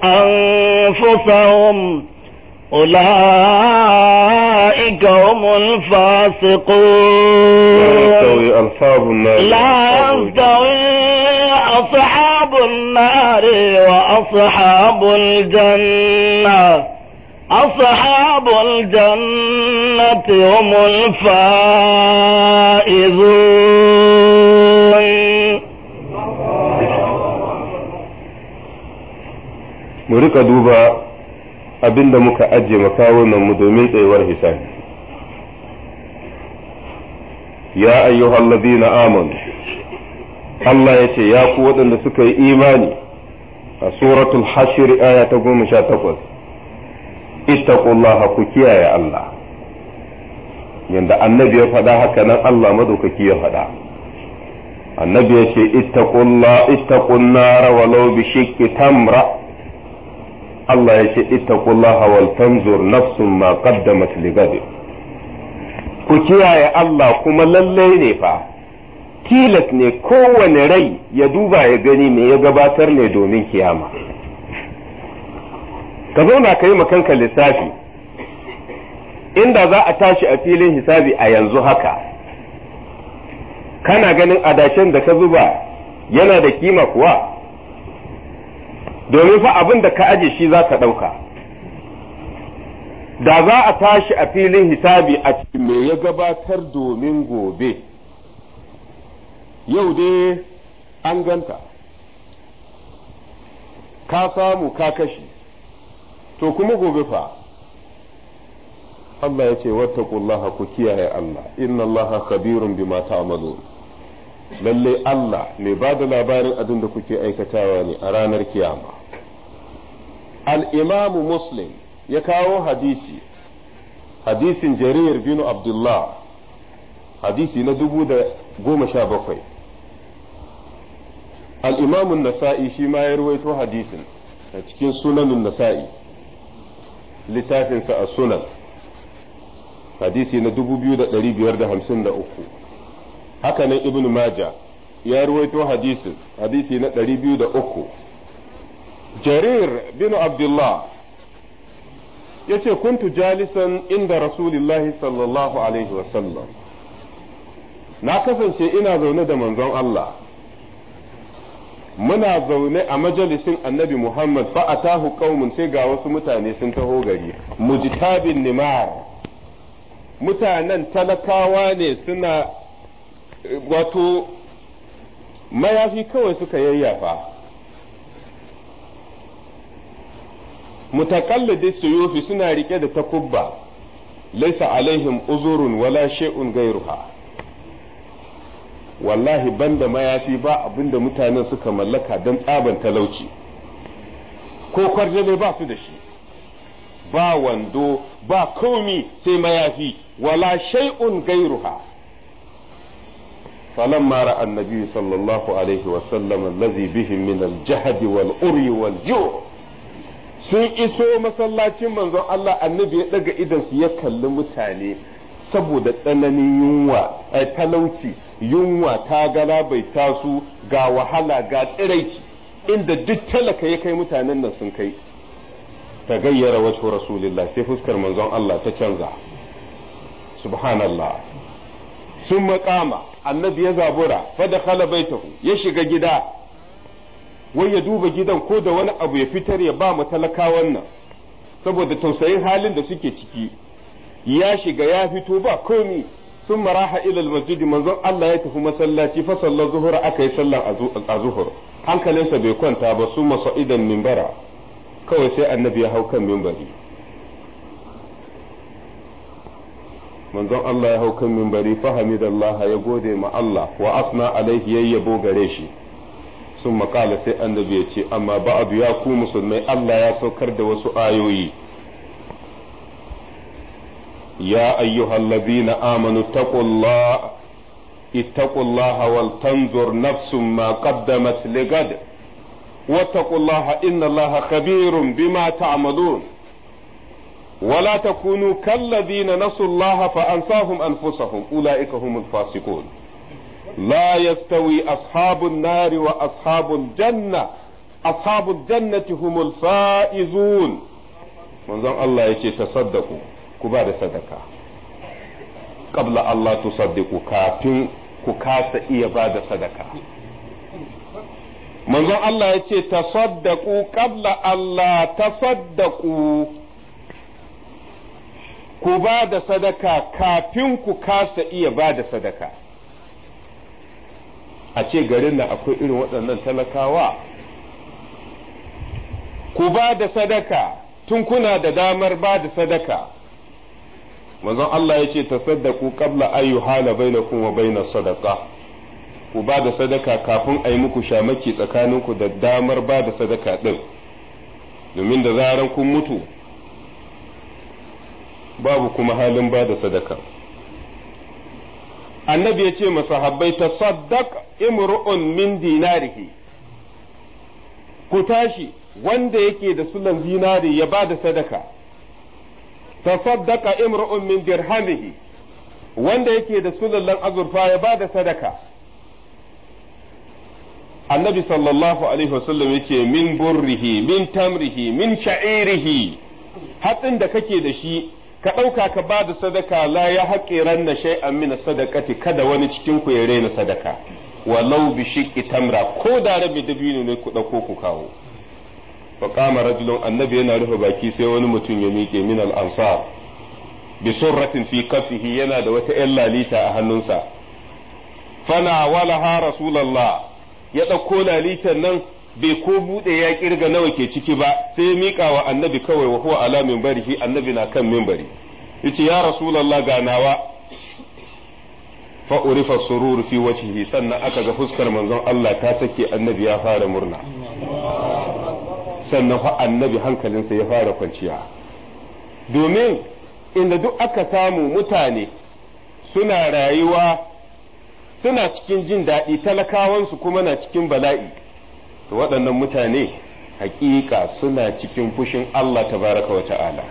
أنفسهم أولئك هم الفاسقون لا يستوي أصحاب النار لا يستوي أصحاب النار وأصحاب الجنة أصحاب الجنة هم الفائزون mu rika duba abin da muka ajiye nan mu domin tsayuwar hisabi ya ayyuhal na amanu Allah ya ce ya ku waɗanda suka yi imani a suratul hashir aya ta goma sha takwas ittaqullaha ku kiyaye Allah yanda annabi ya faɗa haka nan Allah madaukaki ya faɗa annabi ya ce ittaqullah ittaqun nar walau bi shikki tamra Allah ya ce ittaqullaha wal tanzur nafsun ma qaddamat li ku kiyaye Allah kuma lallai ne fa tilas ne kowane rai ya duba ya gani me ya gabatar ne domin kiyama ka zauna ka yi kanka lissafi inda za a tashi a filin hisabi a yanzu haka kana ganin adashen da ka zuba yana da kima kuwa domin fa abin da ka aje shi za ka ɗauka da za a tashi a filin hisabi a me ya gabatar domin gobe yau dai an ganta ka samu ka kashe to kuma gobe fa Allah ya ce wattaqullaha ku kiyaye Allah inna Allaha khabirun bima ta'malun lalle Allah mai ba da labarin abin da kuke aikatawa ne a ranar kiyama al-imam muslim ya kawo hadisi hadisin jarir bin abdullah hadisi na dubu da goma sha bakwai al-imam nasa'i shi ma ya ruwaito hadisin a cikin sunanin nasa'i littafinsa a sunan hadisi na 2553 haka nan ibn maja ya ruwaito hadisin hadisi na 203 jarir bin abdullah ya ce kuntu jalisan inda rasulillahi sallallahu alaihi wasallam na kasance ina zaune da manzon Allah muna zaune a majalisin annabi Muhammad fa tahu qaumun sai ga wasu mutane sun taho gari mujtabin nimar mutanen talakawa ne suna wato mayafi kawai suka yayyafa mutakallidi yofi suna rike da takubba laisa alaihim uzurun wala shay'un gairuha wallahi banda mayafi ba abinda mutanen suka mallaka don tsaban talauci ko kwarjale ba su da shi ba wando ba komi sai mayafi wala shay'un gairuha فلما راى النبي صلى الله عليه وسلم الذي بهم من الجهد والعري والجوع sun iso masallacin manzon Allah annabi ya daga idon su ya kalli mutane saboda tsananin yunwa talauci yunwa ta galabaita su ga wahala ga tsiraici inda duk talaka ya kai mutanen nan sun kai ta gayyara wasu rasulillah sai fuskar manzon Allah ta canza subhanallah sun makama annabi ya zabura fada khala baitahu ya shiga gida wai ya duba gidan ko da wani abu ya fitar ya ba mu talakawan nan saboda tausayin halin da suke ciki ya shiga ya fito ba komi sun maraha ilal masjidi manzon Allah ya tafi masallaci fa sallar zuhur aka yi sallar a zuhur hankalinsa bai kwanta ba su masa'idan mimbara kawai sai annabi ya hau kan mimbari manzon Allah ya hau kan mimbari fa allah ya gode ma Allah wa asna alaihi yayyabo gare shi sun makala sai annabi ya ce amma ba'adu ya ku musulmai Allah ya saukar da wasu ayoyi يا أيها الذين آمنوا اتقوا الله اتقوا الله ولتنظر نفس ما قدمت لغد واتقوا الله إن الله خبير بما تعملون ولا تكونوا كالذين نسوا الله فأنساهم أنفسهم أولئك هم الفاسقون لا يستوي أصحاب النار وأصحاب الجنة أصحاب الجنة هم الفائزون من الله يتصدقون ku ba da sadaka qabla Allah tusaddiqu kafin ku kasa iya ba da sadaka manzon Allah ya ce tasaddaqu qabla Allah tasaddaqu ku ba da sadaka kafin ku kasa iya ba da sadaka a ce garin nan akwai irin waɗannan talakawa ku ba da sadaka tun kuna da damar ba da sadaka manzon Allah ya ce tasaddaku qabla ayu hala bainakum wa bainas sadaqa ku ba da sadaka kafin a yi muku shamaki tsakaninku da damar ba da sadaka din domin da zaran kun mutu babu kuma halin ba da sadaka annabi ya ce masahabbai ta saddaq imru'un min dinarihi ku tashi wanda yake da sulan zinari ya ba da sadaka tasaddaqa imra'un min dirhamihi wanda yake da sulallan azurfa ya bada sadaka annabi sallallahu alaihi wasallam yake min burrihi min tamrihi min sha'irihi hatsin da kake da shi ka ɗauka ka ba da sadaka la ya ran na shay'an min sadaqati kada wani cikin ku ya raina sadaka walau bi shiqqi tamra ko da rabi dabino ne ku ɗauko ku kawo fa qama rajulun annabi yana rufe baki sai wani mutum ya miƙe min al ansar bi fi kafihi yana da wata yan lalita a hannunsa fana walaha rasulullah ya ɗauko lalita nan bai ko bude ya ƙirga nawa ke ciki ba sai ya miƙa wa annabi kawai wa alamin ala annabi na kan mimbari yace ya rasulullah ga nawa fa urifa sururu fi sannan aka ga fuskar manzon Allah ta sake annabi ya fara murna sannan fa annabi hankalinsa ya fara kwanciya domin inda duk aka samu mutane suna rayuwa suna cikin jin daɗi talakawansu kuma na cikin bala'i to waɗannan mutane hakika suna cikin fushin Allah tabaraka wa ta'ala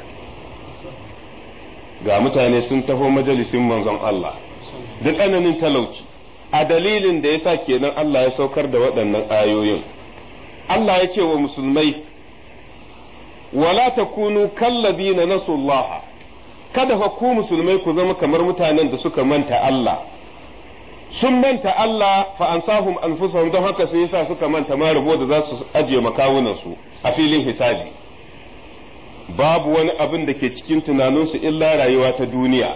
ga mutane sun taho majalisin manzon Allah da tsananin talauci a dalilin da yasa kenan Allah ya saukar da waɗannan ayoyin Allah ya ce wa musulmai wala takunu na nasullaha kada fa ku musulmai ku zama kamar mutanen da suka manta Allah sun manta Allah fa ansahum anfusahum don haka sai yasa suka manta ma da za su ajiye makawunan su a filin hisabi babu wani abin da ke cikin tunaninsu illa rayuwa ta duniya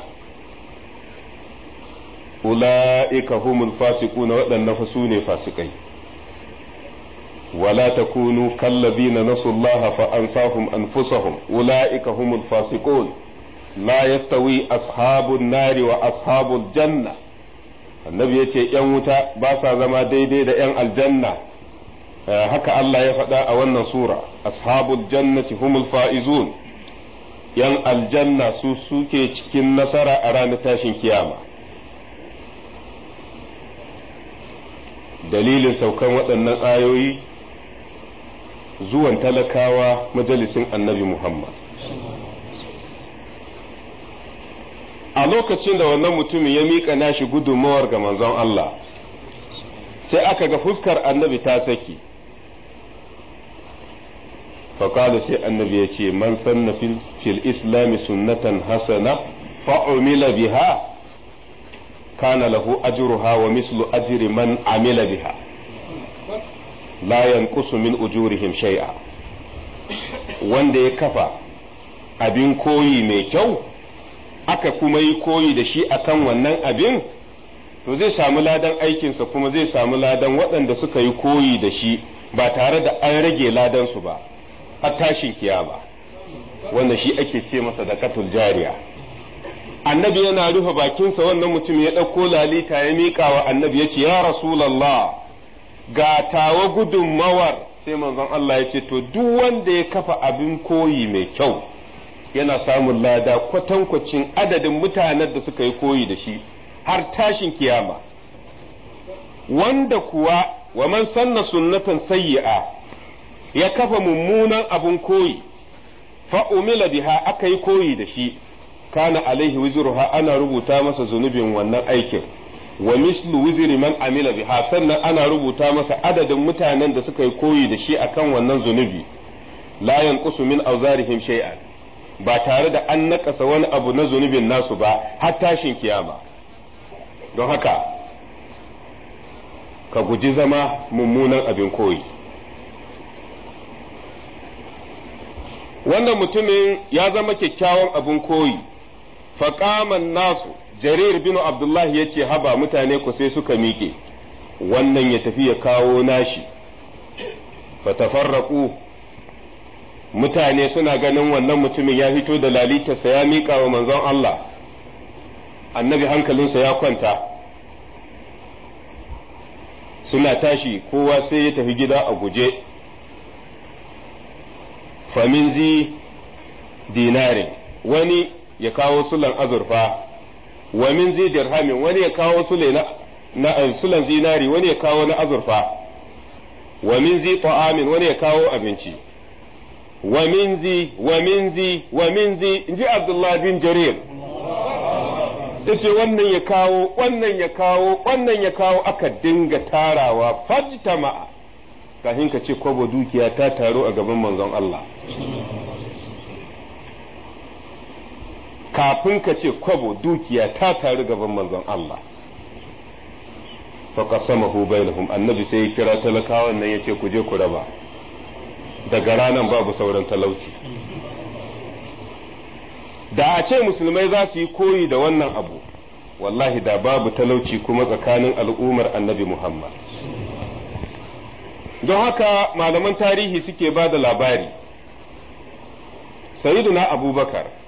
ula'ika humul fasiquna waɗannan fa su ne fasikai ولا تكونوا na نسوا الله فأنساهم أنفسهم أولئك هم الفاسقون لا يستوي أصحاب النار وأصحاب الجنة النبي يتي ‘yan wuta ba sa zama daidai da ‘yan aljanna haka Allah ya faɗa a wannan sura ashabul jannati humul fa'izun ‘yan aljanna su suke cikin nasara a ranar tashin kiyama dalilin saukan waɗannan ayoyi zuwan talakawa majalisin annabi Muhammad. A lokacin da wannan mutumin ya miƙa nashi gudunmawar ga manzon Allah, sai aka ga fuskar annabi ta saki. Faƙalu sai annabi ya ce, Man sanna fil islami sunnatan hasana fa'umila kana lahu ajruha wa mislu ajri man la yanqusu min ujurihim shay'a wanda ya kafa abin koyi mai kyau aka kuma yi koyi da shi akan wannan abin to zai samu ladan aikinsa kuma zai samu ladan waɗanda suka yi koyi da shi ba tare da an rage ladansu ba har tashin kiyama wanda shi ake ce masa da katul jariya annabi yana rufe bakinsa wannan mutum ya ɗauko lalita ya miƙa annabi ya ce ya rasulallah ga tawa gudunmawar sai manzon Allah ya ce to duk wanda ya kafa abin koyi mai kyau yana samun lada kwatankwacin adadin mutanen da suka yi koyi da shi har tashin kiyama wanda kuwa wa man sanna sunnatan sayyi'a ya kafa mummunan abin koyi fa umila biha aka yi koyi da shi kana alaihi wizruha ana rubuta masa zunubin wannan aikin wa mislu wizri man amila biha sannan ana rubuta masa adadin mutanen da suka yi koyi da shi akan wannan zunubi la yanqusu min awzarihim shay'an ba tare da an naƙasa wani abu na zunubin nasu ba har tashin kiyama don haka ka guji zama mummunan abin koyi wannan mutumin ya zama kyakkyawan abin koyi faƙaman nasu jarir bin abdullah ya ce haba mutane ku sai suka miƙe wannan ya tafi ya kawo nashi fatafarraku mutane suna ganin wannan mutumin ya fito da lalitarsa ya miƙa wa manzon Allah annabi hankalinsa ya kwanta suna tashi kowa sai ya tafi gida a guje faminzi dinarin wani ya kawo sulan azurfa wa min zi dirhamin wani ya kawo sule na na eh, zinari wani ya kawo na azurfa wa min zi ta'amin wani ya kawo abinci wa min zi wa min zi wa min zi inji abdullahi bin Jarir yace wannan ya kawo wannan ya kawo wannan ya kawo aka dinga tarawa fajtama kafin ka ce kwabo dukiya ta taro a gaban manzon Allah kafin ka ce kwabo dukiya ta taru gaban manzon Allah faqasamahu bainahum annabi sai ya kira talakawan nan yace ku je ku raba daga ranan babu sauran talauci da a ce musulmai za su yi koyi da wannan abu wallahi da babu talauci kuma tsakanin al'ummar annabi Muhammad don haka malaman tarihi suke ba da labari sayyiduna abubakar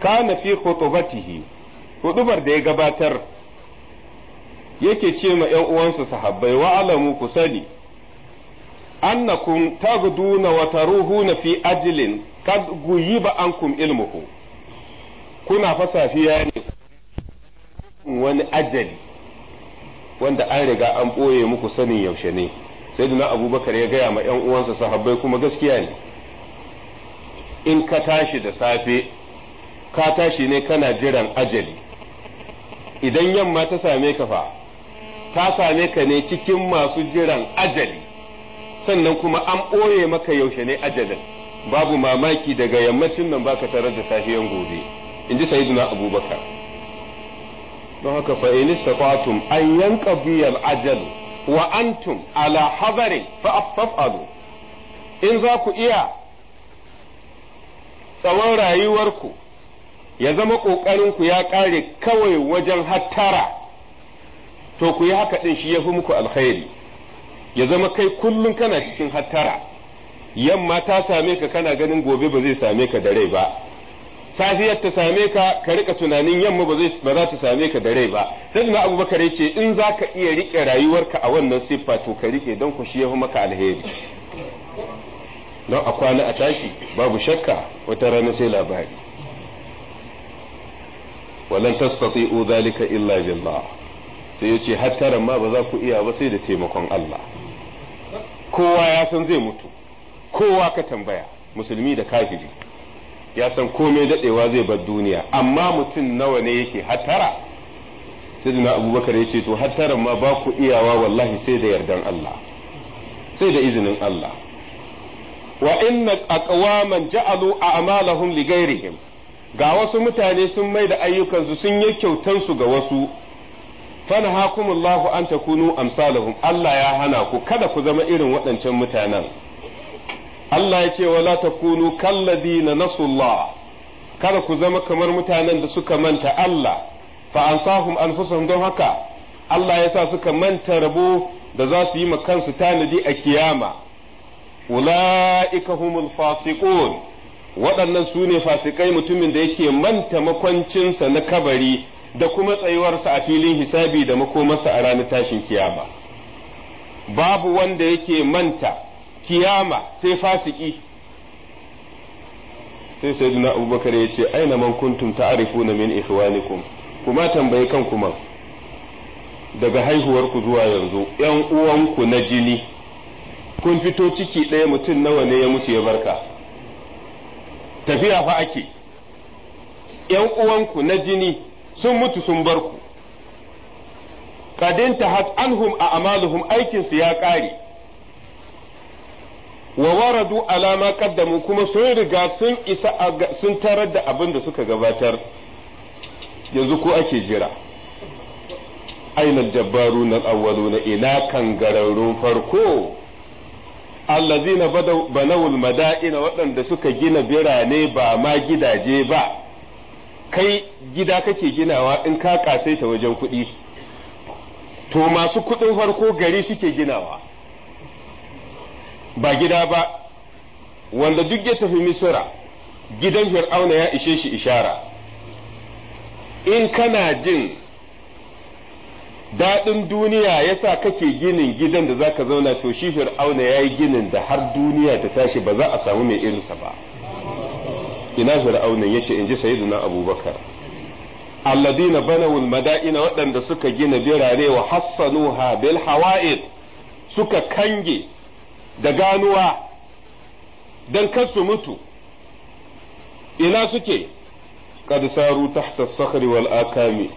kana fi khutubatihi hudubar da ya gabatar yake ce ma ‘yan uwansa sahabbai wa alamu ku sani annakum tagduna wa taruhuna fi ajlin kad guyiba ankum ilmuhu kuna fasafiya ne wani ajali wanda an riga an ɓoye muku sanin yaushe ne sai abubakar ya gaya ma ‘yan uwansa sahabbai kuma gaskiya ne in ka tashi da safe ka tashi ne kana jiran ajali idan yamma ta same ka fa ta same ka ne cikin masu jiran ajali sannan kuma an ɓoye maka yaushe ne ajalin babu mamaki daga yammacin nan baka tarar da safiyan gobe in ji sayyiduna abubakar don haka fa in istaqatum an yanka biyal ajal wa antum ala hadarin fa in za ku iya tsawon rayuwarku ya zama ƙoƙarinku ya ƙare kawai wajen hattara to ku yi haka ɗin shi ya fi muku alkhairi ya zama kai kullum kana cikin hattara yamma ta same ka kana ganin gobe ba zai same ka da rai ba safiyar ta same ka ka rika tunanin yamma ba za ta same ka da rai ba sai na abubakar ya ce in za ka iya rike rayuwarka a wannan siffa to ka rike don ku shi ya fi maka alheri don a kwana a tashi babu shakka wata rana sai labari walan tastati'u dhalika illa billah sai yace hattaran ma ba za ku iya ba sai da taimakon Allah kowa ya san zai mutu kowa ka tambaya musulmi da kafiri ya san komai daɗewa zai bar duniya amma mutum nawa ne yake hattara sayyidina abubakar ya ce to hattaran ma ba ku iyawa wallahi sai da yardan Allah sai da izinin Allah wa inna aqwaman ja'alu a'malahum li ghairihim ga wasu mutane sun mai da ayyukansu sun yi kyautansu ga wasu Fana fanahakumullahu an kunu amsalahum Allah ya hana ku kada ku zama irin waɗancan mutanen Allah ya ce wala takunu na nasullah kada ku zama kamar mutanen da suka manta Allah fa ansahum anfusahum don haka Allah ya sa suka manta rabo da za su yi ma kansu tanadi a kiyama ula'ika humul fasiqun waɗannan su ne fasikai mutumin da yake manta makwancinsa na kabari da kuma tsayuwarsa a filin hisabi da makomarsa a ranar tashin kiyama babu wanda yake manta kiyama sai fasiki sai sayyidina abubakar ya ce aina man kuntum na min ikhwanikum kuma tambaye kanku man daga haihuwarku zuwa yanzu ‘yan uwanku na jini, kun fito ciki ɗaya mutum nawa ne ya mutu ya barka. tafiya fa ake ‘yan uwanku na jini sun mutu sun bar ku kadin hat anhum a amaluhum aikinsu ya ƙare wa waradu alama kaddamu kuma sun riga sun isa sun tarar da abin da suka gabatar yanzu ko ake jira aina jabbaru na awwalu na ina kangararrun farko allazina banawul mada'ina waɗanda suka gina birane ba ma gidaje ba kai gida kake ginawa in ka kasaita wajen kuɗi to masu kuɗin farko gari suke ginawa ba gida ba wanda duk ya tafi misira gidan fir'auna ya ishe shi ishara in kana jin daɗin duniya yasa kake ginin gidan da zaka zauna to shi fir'auna ya yi ginin da har duniya ta tashi ba za a samu mai irinsa ba ina ya ce in ji na abubakar alladina banawul mada'ina waɗanda suka gina birane wa hassanuha bil hawa'id suka kange da ganuwa don kar su mutu ina suke qad saru tahta as-sakhri wal akami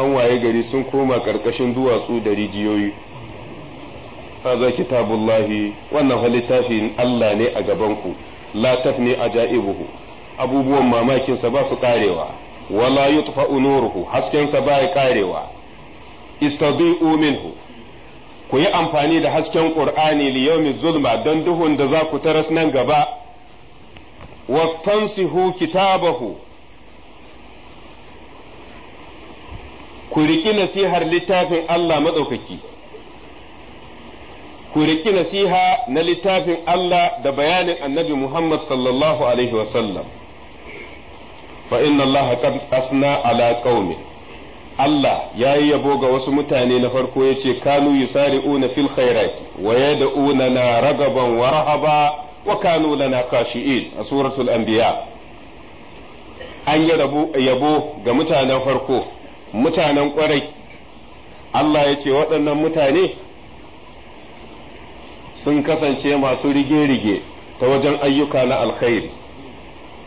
an waye gari sun koma karkashin duwatsu da rijiyoyi haza kitabullahi wannan halittafi littafin Allah ne a gabanku la tafni ajaibuhu abubuwan mamakin sa ba su karewa wala yutfa'u nuruhu hasken sa ba ya karewa istadi'u minhu ku yi amfani da hasken qur'ani li yawmi zulma don duhun da za ku taras nan gaba wastansihu kitabahu ku riƙi nasihar littafin Allah maɗaukaki ku riƙi nasiha na littafin Allah da bayanin annabi Muhammad sallallahu alaihi wasallam fa inna Allah qad asna ala qaumi Allah ya yi yabo ga wasu mutane na farko ya ce kanu yusari'una fil khairati wa una na ragaban wa rahaba wa kanu lana kashi'in a suratul anbiya an yi yabo ga mutanen farko mutanen ƙwarai Allah ya ce waɗannan mutane sun kasance masu rige-rige ta wajen ayyuka na alkhairi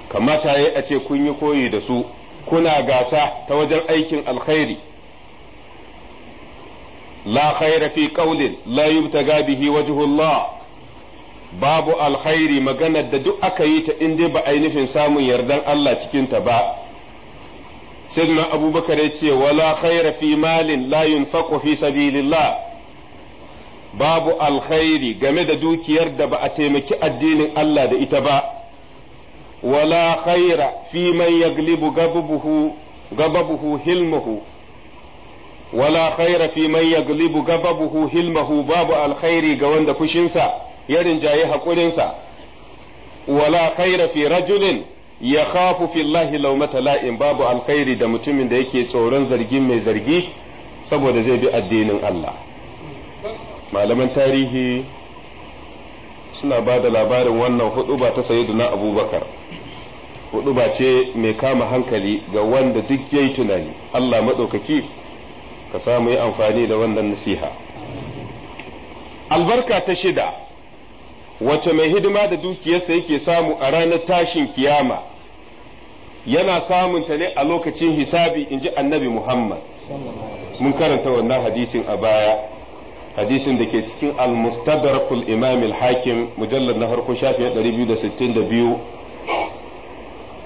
kamata ya a ce kun yi koyi da su kuna gasa ta wajen aikin alkhairi la khaira fi qaulin la yubtaga bihi wajhullah babu alkhairi maganar da duk aka yi ta in dai ba nufin samun yardan Allah cikin ta ba sayyidina abubakar ya ce wala khaira fi malin la yunfaqu fi sabilillah babu alkhairi game da dukiyar da ba a taimaki addinin Allah da ita ba wala khaira fi man yaglibu gabubuhu gababuhu hilmuhu wala khaira fi man yaglibu gababuhu hilmahu babu alkhairi ga wanda fushinsa ya rinjaye haƙurinsa wala khaira fi rajulin ya khafu fillahi laumata la'in babu alkhairi da mutumin da yake tsoron zargin mai zargi saboda zai bi addinin Allah malaman tarihi suna ba da labarin wannan ba ta sayyiduna abubakar ba ce mai kama hankali ga wanda duk yayi tunani Allah madaukaki ka samu yi amfani da wannan nasiha albarka ta shida wace mai hidima da dukiyarsa yake samu a ranar tashin kiyama yana samun ta ne a lokacin hisabi in ji annabi Muhammad mun karanta wannan hadisin a baya hadisin da ke cikin al-mustadrakul imam al-hakim mujallad na farko shafi 262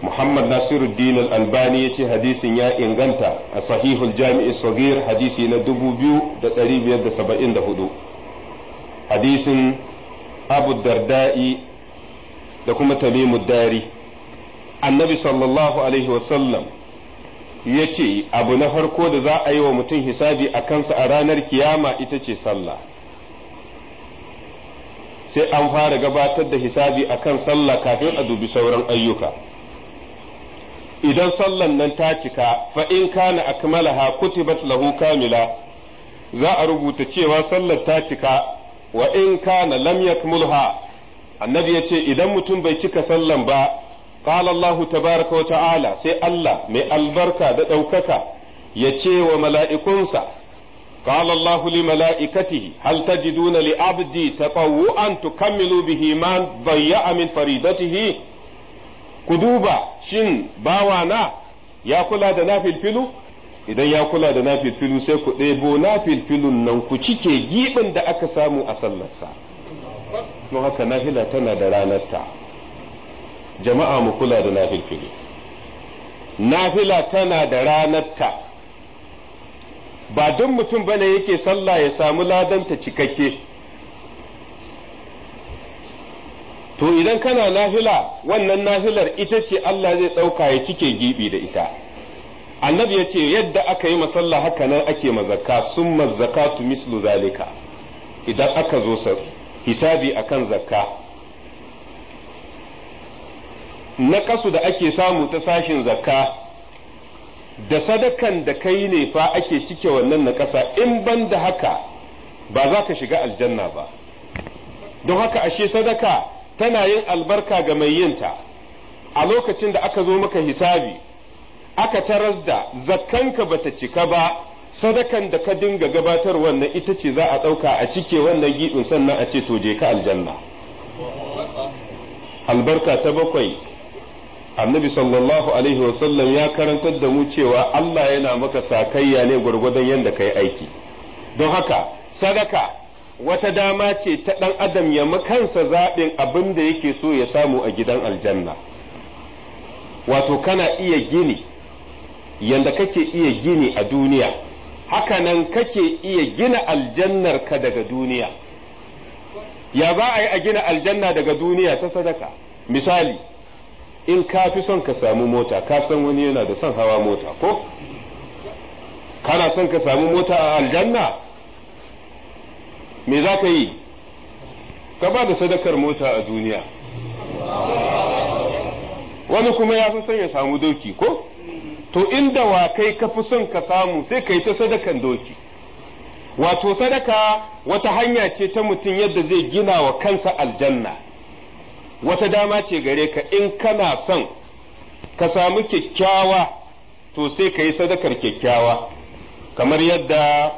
Muhammad Nasiruddin al-Albani yace hadisin ya inganta a sahihul jami'i sagir hadisi na 2574 hadisin Abu Darda'i da kuma Tamimud Dari annabi sallallahu alaihi wasallam ya ce abu na farko da za a yi wa mutum hisabi a kansa a ranar kiyama ita ce sallah sai an fara gabatar da hisabi a kan sallah kafin a dubi sauran ayyuka idan sallan nan ta cika fa in kana akmalaha kutibat lahu kamila za a rubuta cewa sallar ta cika wa in kana lam yakmulha annabi ya ce idan mutum bai cika sallan ba qala Allahu tabaraka wa sai Allah mai albarka da ɗaukaka ya ce wa mala'ikunsa قال الله لملائكته هل تجدون لعبدي تطوعا تكملوا به ما ضيع من فريضته كدوبا شن باوانا يا كلا da na filfilu idan ya kula da na filfilu sai ku ɗebo na filfilun nan ku cike giɓin da aka samu a sallarsa don haka nafila tana da ranarta jama'a mu kula da nafilfili nafila tana da ranarta ba duk mutum bane yake sallah ya samu ladanta cikakke to idan kana nafila wannan nafilar ita ce Allah zai ɗauka ya cike gibi da ita annabi ya ce yadda aka yi masalla haka nan ake mazaka sun mazakatu mislu zalika idan aka zo hisabi akan zakka na kasu da ake samu ta sashin zakka da sadakan da kai ne fa ake cike wannan na kasa in ban da haka ba za ka shiga aljanna ba don haka ashe sadaka tana yin albarka ga mai yinta a lokacin da aka zo maka hisabi aka taras da zakkanka bata cika ba sadakan da ka dinga gabatar wannan ita ce za a ɗauka a cike wannan giɓin sannan a ce to je ka aljanna albarka ta bakwai annabi sallallahu alaihi wasallam ya karantar da mu cewa Allah yana maka sakayya ne gwargwadon yadda ka aiki don haka sadaka wata dama ce ta ɗan adam ya makansa zaɓin abin da yake so ya samu a gidan aljanna wato kana iya gini yadda kake iya gini a duniya hakanan kake iya gina aljannar ka daga duniya ya za a yi a gina aljanna daga duniya ta sadaka misali in ka fi son ka samu mota ka san wani yana da son hawa mota ko kana son ka samu mota a aljanna me za ka yi ka ba da sadakar mota a duniya wani kuma ya fi son ya samu doki ko to inda wa kai ka fi son ka samu sai ka yi ta sadakan doki wato sadaka wata hanya ce ta mutum yadda zai gina wa kansa aljanna wata dama ce gare ka in kana son ka samu kyakkyawa to sai ka yi sadakar kyakkyawa kamar yadda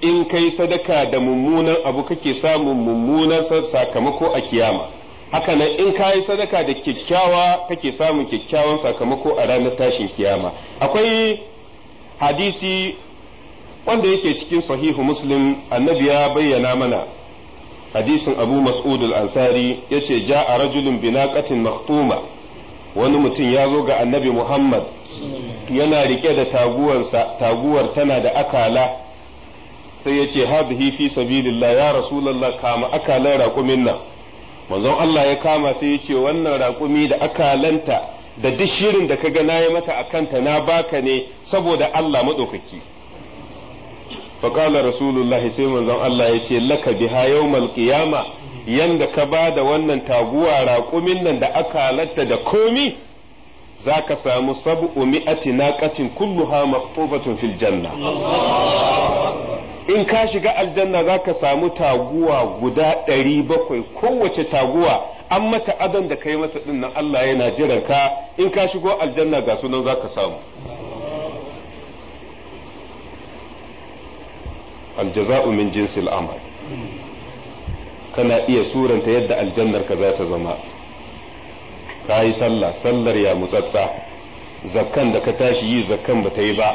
in ka yi sadaka da mummunan abu kake samun mummunan sakamako a kiyama haka nan in ka yi sadaka da kyakkyawa kake samun kyakkyawan sakamako a ranar tashin kiyama akwai hadisi wanda yake cikin sahihu muslim annabi ya bayyana mana hadisin abu mas'ud al-ansari yace a rajulun binaqatin maqtuma wani mutum ya zo ga annabi muhammad yana riƙe da taguwarsa taguwar tana da akala sai yace hadhihi fi sabilillah ya rasulullah kama akalan raƙumin nan manzon Allah ya kama sai yace wannan raƙumi da akalanta da duk shirin da kaga na yi mata a kanta na baka ne saboda Allah madaukaki faƙala rasulullahi sai manzon Allah ya ce laka biha yawmal qiyama yanda ka ba da wannan taguwa raƙumin nan da aka halarta da komi za ka samu sab'u mi'ati naqatin kulluha maqtubatun fil janna in ka shiga aljanna za ka samu taguwa guda ɗari bakwai kowace taguwa an mata adon da kai mata dinnan Allah yana jiran ka in ka shigo aljanna ga sunan za ka samu الجزاء من جنس الأمر كنا إيه سورة يد الجنة كذات زماء تاي صلى سلر يا مصدسة زكاً دا كتاشي يي زكان بتيبا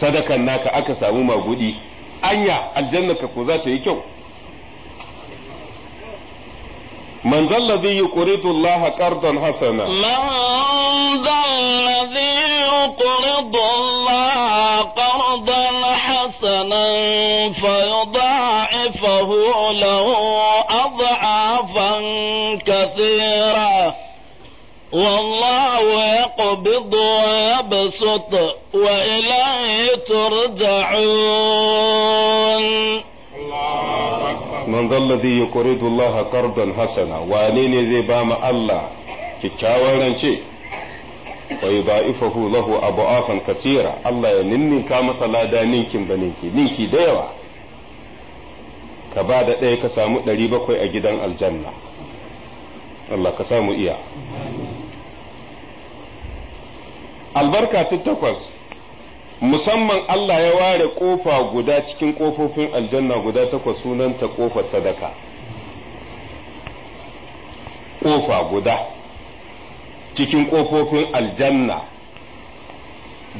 صدقا ناكا أكسا وما بودي أيا الجنة كذات يكو من ذا الذي يقرض الله قرضا حسنا من ذا الذي يقرض الله قرضا حسنا فيضاعفه له أضعافا كثيرا والله يقبض ويبسط وإليه ترجعون من ذا الذي يقرض الله قرضا حسنا وانين ذي بام الله في كاورن شيء wa yudaifahu lahu abu'afan kasira Allah ya ka masa da ninkin ba ninki ninki da yawa ka ba da ɗaya ka samu 700 a gidan aljanna Allah ka samu iya albarka ta takwas musamman Allah ya ware kofa guda cikin kofofin aljanna guda takwas sunan ta kofar sadaka kofa guda cikin ƙofofin aljanna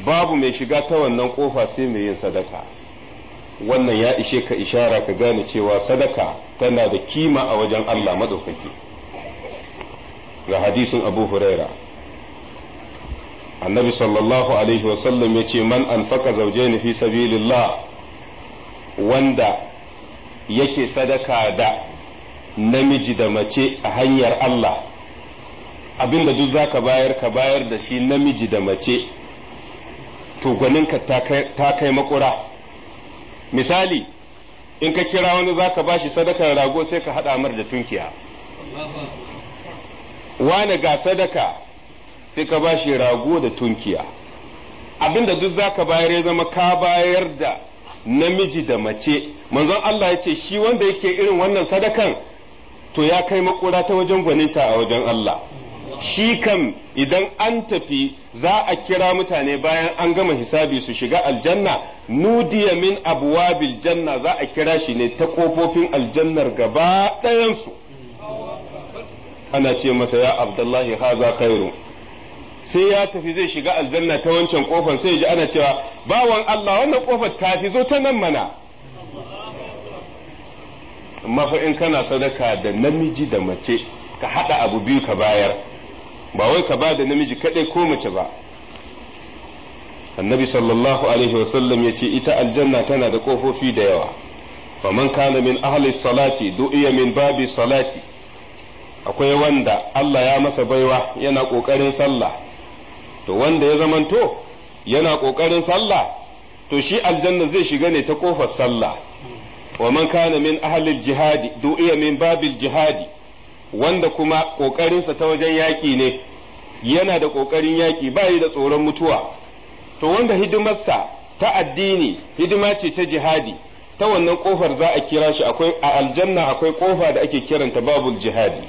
babu mai shiga ta wannan ƙofa sai mai yin sadaka wannan ya ishe ka ishara ka gane cewa sadaka tana da kima a wajen Allah maɗaukaki ga hadisin abu huraira annabi sallallahu alaihi wasallam ya ce man anfaka ni fi sabilillah wanda yake sadaka da namiji da mace a hanyar Allah abin da duk zaka bayar ka bayar da shi namiji da mace to gwaninka ta kai makura misali in ka kira wani zaka bashi sadakar rago sai ka haɗa mar da tunkiya wani ga sadaka sai ka bashi rago da tunkiya abinda duk zaka bayar ya zama ka bayar da namiji da mace manzon Allah ya ce shi wanda yake irin wannan sadakan to ya kai makura ta wajen gwaninta a wajen Allah shi kam idan an tafi za a kira mutane bayan an gama hisabi su shiga aljanna nudiya min abwabil janna za a kira shi ne ta kofofin aljannar gaba ɗayansu ana ce masa ya abdullahi haza khairu sai ya tafi zai shiga aljanna ta wancan kofar sai ji ana cewa bawan Allah wannan kofar ta fi zo ta nan mana amma in kana sadaka da namiji da mace ka haɗa abu biyu ka bayar ba wai ka ba da namiji kadai ko mace ba annabi sallallahu alaihi wasallam ya ce ita aljanna tana da kofofi da yawa man kana min ahli salati du'iya min babi salati akwai wanda Allah ya masa baiwa yana kokarin sallah to wanda ya zamanto yana kokarin sallah to shi aljanna zai shiga ne ta kofar sallah wa man kana min ahli jihadi du'iya min babil jihadi wanda kuma ƙoƙarinsa ta wajen yaƙi ne yana da ƙoƙarin yaƙi ba yi da tsoron mutuwa to wanda hidimarsa ta addini hidima ce ta jihadi ta wannan ƙofar za a kira shi akwai a aljanna akwai kofa da ake kiranta babul jihadi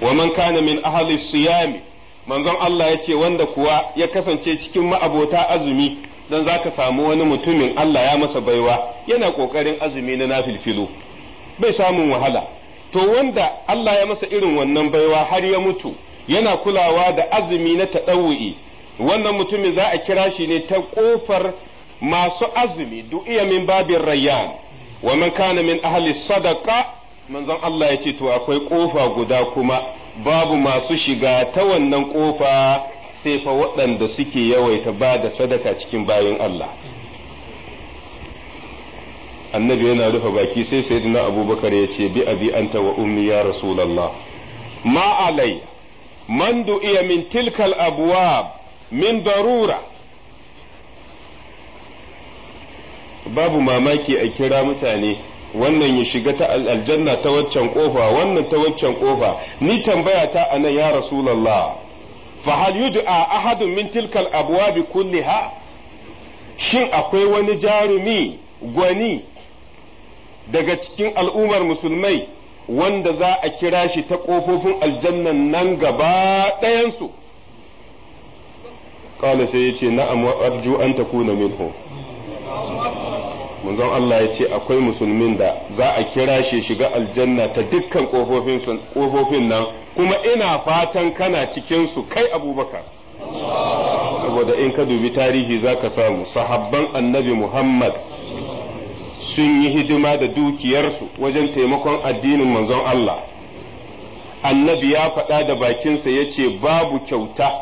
wa man kana min ahli siyami manzon Allah ya ce wanda kuwa ya kasance cikin ma'abota azumi dan zaka samu wani mutumin Allah ya masa baiwa yana ƙoƙarin azumi na nafilfilo bai samun wahala to wanda Allah ya masa irin wannan baiwa har ya mutu yana kulawa da azumi na taɗawu'i wannan mutumin za a kira shi ne ta ƙofar masu azumi du'iya min babin rayyan wa man kana min ahli sadaqa manzon Allah ya ce to akwai ƙofa guda kuma babu masu shiga ta wannan ƙofa sai fa waɗanda suke yawaita ba da sadaka cikin bayin Allah annabi yana rufe baki sai sayyidina abubakar ya ce bi abi anta wa ummi ya rasulullah ma alai man du'iya min tilkal abwab min darura babu mamaki a kira mutane wannan ya shiga ta aljanna ta waccan kofa wannan ta waccan kofa ni tambaya ta anan ya rasulullah fa hal yud'a ahadun min tilkal abwab kulliha shin akwai wani jarumi gwani daga cikin al'ummar musulmai wanda za a kira shi ta ƙofofin aljannan nan gaba ɗayansu kala sai ya ce na'am wa arju an takuna minhu manzon Allah ya ce akwai musulmin da za a kira shi shiga aljanna ta dukkan ƙofofin nan kuma ina fatan kana cikinsu kai abubakar saboda in ka dubi tarihi za ka samu sahabban annabi muhammad sun yi hidima da dukiyarsu wajen taimakon addinin manzon Allah annabi ya faɗa da bakinsa ya ce babu kyauta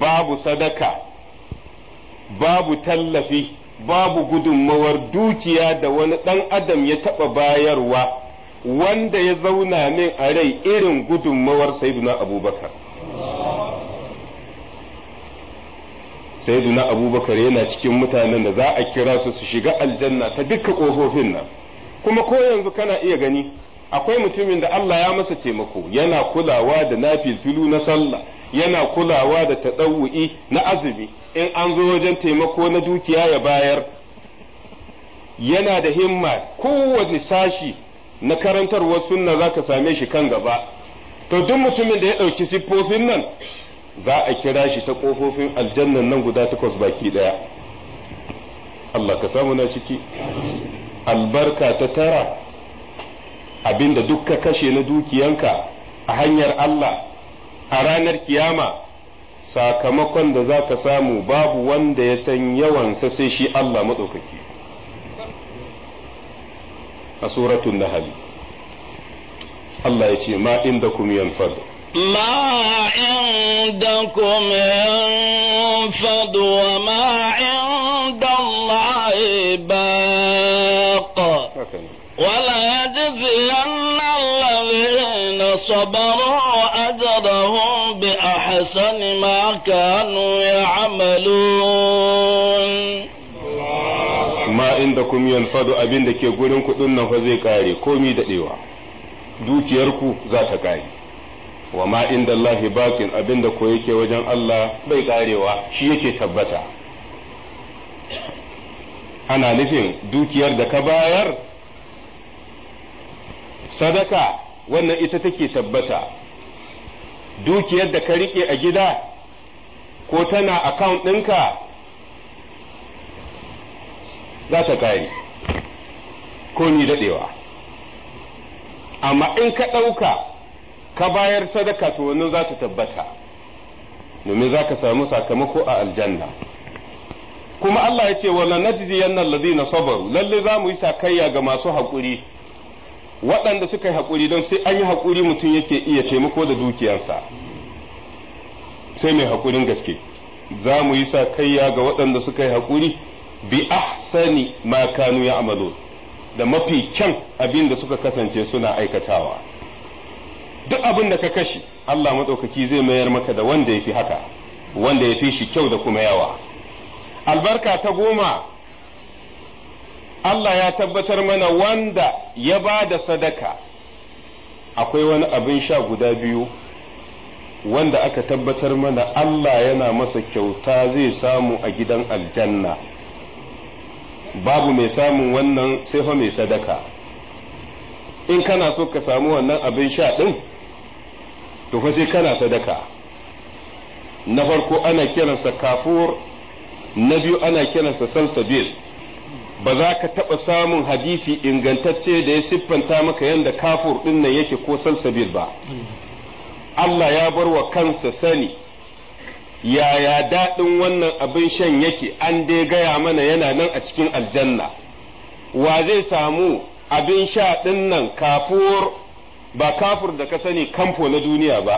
babu sadaka babu tallafi babu gudunmawar dukiya da wani ɗan adam ya taɓa bayarwa wanda ya zauna min a rai irin gudunmawar sai abubakar sayyiduna abubakar yana cikin mutanen da za a kira su su shiga aljanna ta dukkan kofofin nan kuma ko yanzu kana iya gani akwai mutumin da Allah ya masa taimako yana kulawa da nafilfilu na sallah yana kulawa da taɗawu'i na azumi in an zo wajen taimako na dukiya ya bayar yana da himma kowane sashi na karantarwar sunna zaka same shi kan gaba to duk mutumin da ya ɗauki siffofin nan za a kira shi ta kofofin aljannan nan guda takwas baki ɗaya. Allah ka samu na ciki albarka ta tara abinda duk kashe na dukiyanka a hanyar Allah a ranar kiyama sakamakon da za ka samu babu wanda ya san yawansa sai shi Allah maɗaukaki a suratun nahali Allah ya ce ma inda kuma yanfadu ما عندكم ينفد وما عند الله باق ولا يجزين الذين صبروا أجرهم بأحسن ما كانوا يعملون ma inda kum yanfadu abin da ke gurin kuɗin nan fa zai kare komi daɗewa dukiyarku za ta kare wa ma inda Allah baqin abinda ko yake wajen Allah bai karewa shi yake tabbata ana nufin dukiyar da ka bayar sadaka wannan ita take tabbata dukiyar da ka rike a gida ko tana account ɗinka za ta kare ko ni daɗewa amma in ka ɗauka ka bayar sadaka to wannan za ta tabbata domin za ka samu sakamako a aljanna kuma Allah ya ce wala najziyanna alladhina sabaru lalle za mu yi sakayya ga masu haƙuri waɗanda suka yi haƙuri don sai an yi haƙuri mutum yake iya taimako da dukiyarsa sai mai haƙurin gaske za mu yi sakayya ga waɗanda suka yi haƙuri bi ahsani ma kanu ya'malu da mafi kyan abin da suka kasance suna aikatawa duk abin da ka kashe Allah matsaukaki zai mayar maka da wanda ya fi haka wanda ya fi shi kyau da kuma yawa albarka ta goma Allah ya tabbatar mana wanda ya ba da sadaka akwai wani abin sha guda biyu wanda aka tabbatar mana Allah yana masa kyauta zai samu a gidan aljanna babu mai samun wannan sai fa mai sadaka in kana so ka samu wannan abin sha ɗin to fa sai kana sadaka na farko ana kiransa kafur na biyu ana kiransa salsabil ba za ka taɓa samun hadisi ingantacce da ya siffanta maka yadda kafur ɗin nan yake ko salsabil ba Allah ya bar wa kansa sani yaya daɗin wannan abin shan yake an dai gaya mana yana nan a cikin aljanna wa zai samu abin sha ɗin nan kafur ba kafur da ka sani kamfo na duniya ba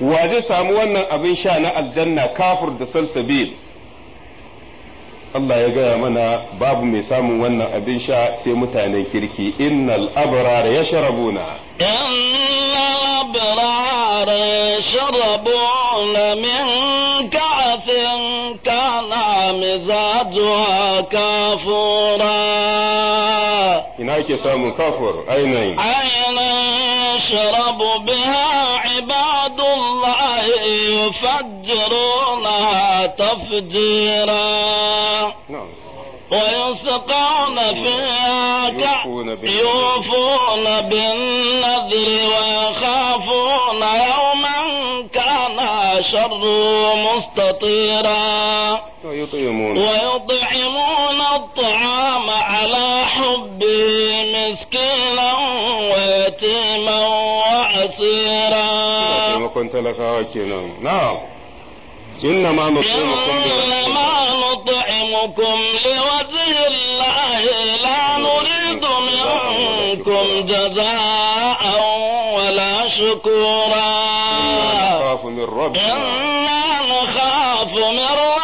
wa zai samu wannan abin sha na aljanna kafur da salsabil Allah ya gaya mana babu mai samun wannan abin sha sai mutanen kirki innal abrar yashrabuna innal abrar yashrabuna min ka'sin kana mizajuha kafura ake samun kafur ainihin. Ainihin shirabu biha ibadullahi yufajjiruna tafjira. ويسقون فيها يوفون بالنذر ويخافون يوما كان شره مستطيرا ويطعمون الطعام على حبه مسكينا ويتيما وعسيرا نعم إنما نطعمكم إنما نطعمكم لوجه الله لا نريد منكم جزاء ولا شكورا إنا نخاف من ربنا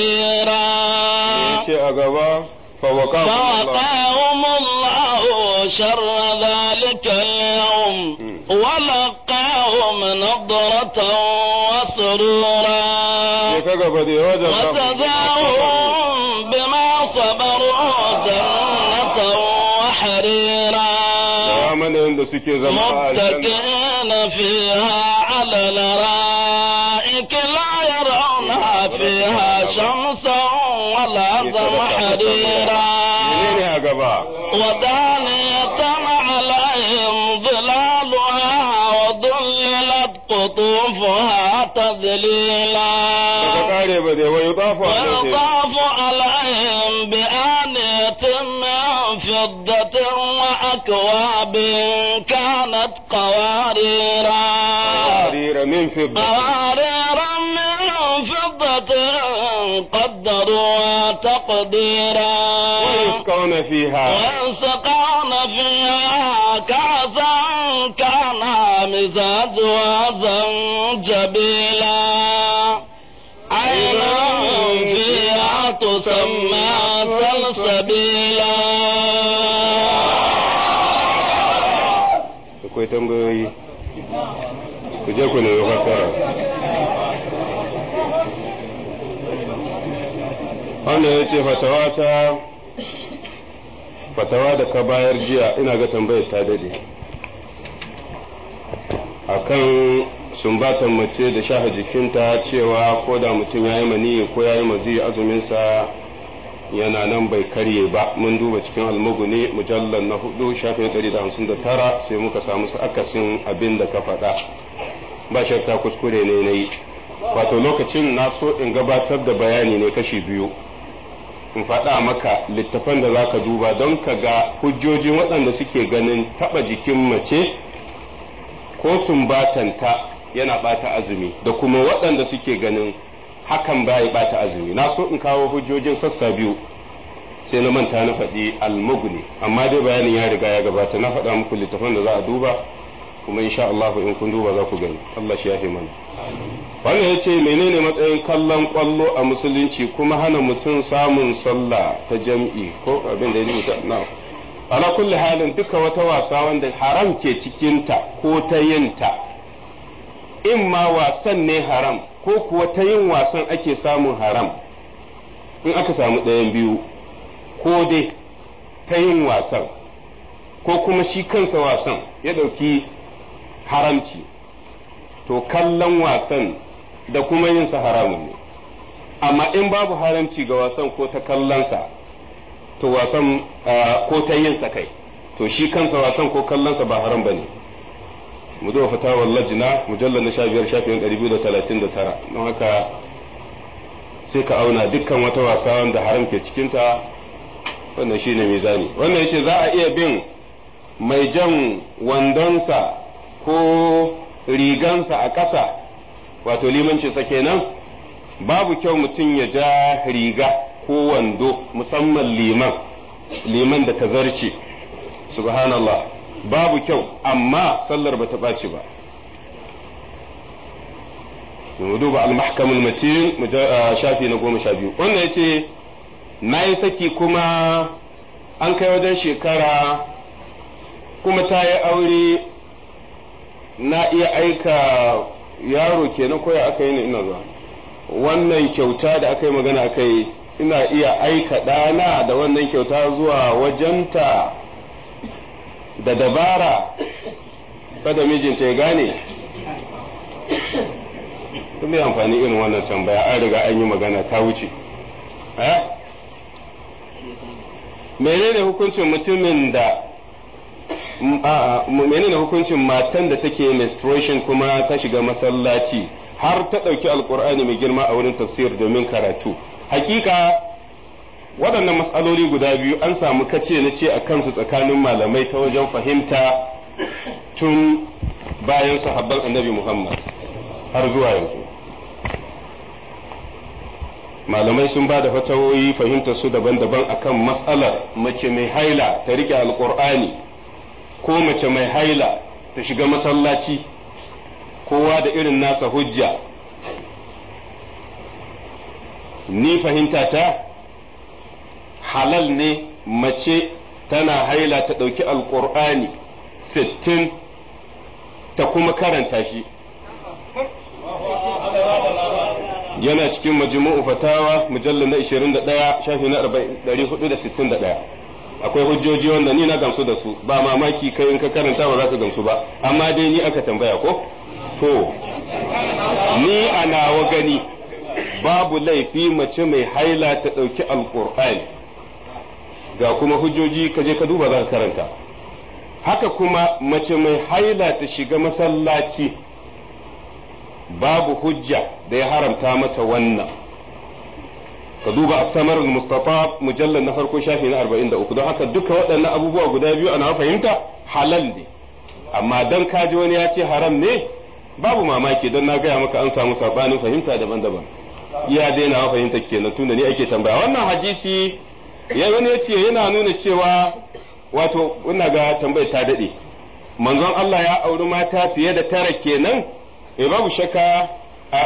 كثيرا فوقاهم الله شر ذلك اليوم ولقاهم نضرة وسرورا وجزاهم بما صبروا جنة وحريرا نعم، متكئين فيها على الأرائك عظم حريرا ودانية عليهم ظلالها وذللت قطوفها تذليلا ويطاف عليهم بآنية من فضة وأكواب كانت قواريرا قوارير من فضة قوارير من فضة قد قدرا تقديرا ويسقون فيها ويسقون فيها كأسا كان مزاجها زنجبيلا عينا فيها تسمى سلسبيلا akwai tambayoyi ku je ku nemi fassara wannan ya ce fatawa da ka bayar jiya ina ga tambayar ta dade akan sumbatan mace da shaha jikinta cewa ko da mutum ya yi mani ko ya yi mazi azuminsa yana nan bai karye ba mun duba cikin almuguni mujallar na hudu shafin ɗari da hamsin da tara sai muka samu su akasin abin da ka faɗa ba shakka kuskure ne na yi wato lokacin na so in gabatar da bayani ne kashi biyu in faɗa maka littafan da za ka duba don ka ga hujjojin waɗanda suke ganin taɓa jikin mace ko sumbatanta yana bata azumi da kuma waɗanda suke ganin hakan baya bata azumi na so in kawo hujjojin sassa biyu sai na manta na faɗi almaguni amma dai bayanin ya riga ya gabata na faɗa muku littafan da za a duba kuma insha Allah in kun duba za ku gani Allah shi yafe mana wannan yace menene matsayin kallon kwallo a musulunci kuma hana mutum samun sallah ta jam'i ko abin da yake na ala kulli halin duka wata wasa wanda haram ke cikin ta ko ta yin ta in ma wasan ne haram ko kuwa ta yin wasan ake samun haram in aka samu ɗayan biyu ko dai ta yin wasan ko kuma shi kansa wasan ya ɗauki haramci to kallon wasan da kuma yin sa haramun ne amma in babu haramci ga wasan ko ta kallonsa to wasan ko ta yin sa kai to shi kansa wasan ko kallonsa ba haram bane mu zo fatawar lajina mujallar na sha biyar shafin ɗari biyu da talatin da tara don haka sai ka auna dukkan wata wasa wanda haram ke cikinta wannan shi ne mizani wannan yace za a iya bin mai jan wandonsa ko rigansa a ƙasa wato limanci limancinsa nan babu kyau mutum ya ja riga ko wando musamman liman liman da tazarce subhanallah babu kyau amma sallar ba ta ɓaci ba duba al-mahkamul matin shafi na goma sha biyu wannan yace na yi saki kuma an kai wajen shekara kuma ta yi aure na iya aika yaro kenan koya aka yi ne ina zuwa wannan kyauta da aka yi magana aka yi ina iya aika ɗana da wannan kyauta zuwa wajenta da dabara kada mijinta ya gane kuma yi amfani irin wannan tambaya an riga an yi magana ta wuce eh? menene hukuncin mutumin da menene hukuncin matan da take menstruation kuma ta shiga masallaci har ta ɗauki alkur'ani mai girma a wurin tafsir domin karatu hakika waɗannan matsaloli guda biyu an samu kace na ce a kansu tsakanin malamai ta wajen fahimta tun bayan sahabban annabi muhammad har zuwa yanzu malamai sun ba da fatawoyi fahimtar su daban-daban akan matsalar mace mai haila ta rike alkur'ani ko mace mai haila ta shiga masallaci kowa da irin nasa hujja ni fahimta ta halal ne mace tana haila ta ɗauki alƙur'ani sittin ta kuma karanta shi yana cikin majmu'u fatawa mujallal na 21 shafi na 461 akwai hujjoji wanda ni na gamsu da su ba mamaki kai in ka karanta ba za ka gamsu ba amma dai ni aka tambaya ko to ni a nawa gani babu laifi mace mai haila ta ɗauki alkur'ani ga kuma hujjoji ka je ka duba za ka karanta haka kuma mace mai haila ta shiga masallaci babu hujja da ya haramta mata wannan ka duba samar mustafa mujallar na farko shafi na 43 don haka duka waɗannan abubuwa guda biyu ana fahimta halal ne amma dan kaji wani ya ce haram ne babu mamaki don na gaya maka an samu sabanin fahimta daban-daban iya daina fahimta kenan tunda ni ake tambaya wannan hadisi ya wani ce yana nuna cewa wato ina ga tambayar ta daɗe manzon Allah ya auri mata fiye da tara kenan eh babu shakka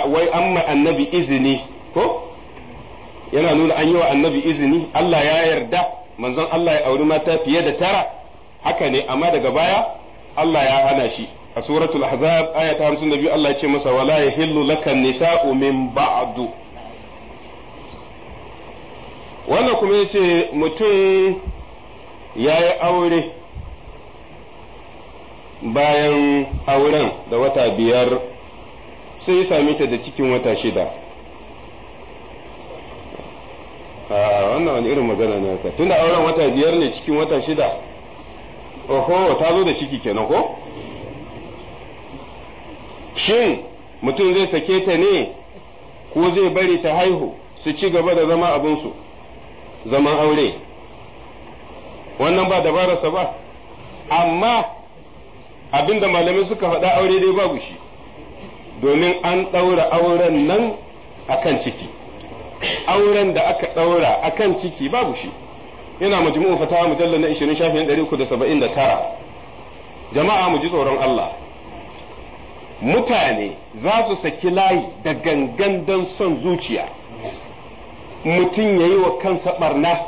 wai amma annabi izini ko yana nuna an yi wa annabi izini Allah ya yarda manzon Allah ya auri mata fiye da tara haka ne amma daga baya Allah ya hana shi a suratul ahzab aya ta 52 Allah ya ce masa wala yahillu nisa nisa'u min ba'du wannan kuma yace mutum yayi aure bayan auren da wata biyar sai ya same ta da cikin wata shida a wannan wani irin magana ne ka tunda auren wata biyar ne cikin wata shida oho ta zo da ciki kenan ko shin mutum zai sake ta ne ko zai bari ta haihu su ci gaba da zama abinsu zaman aure wannan ba dabararsa ba amma abinda malamai suka faɗa aure dai babu shi domin an ɗaura auren nan akan ciki auren da aka ɗaura a kan ciki babu shi yana majmu'u fata mujallar na 20 shafin 379 jama'a mu ji tsoron Allah mutane za su saki layi da gangan don son zuciya mutum ya yi wa kansa barna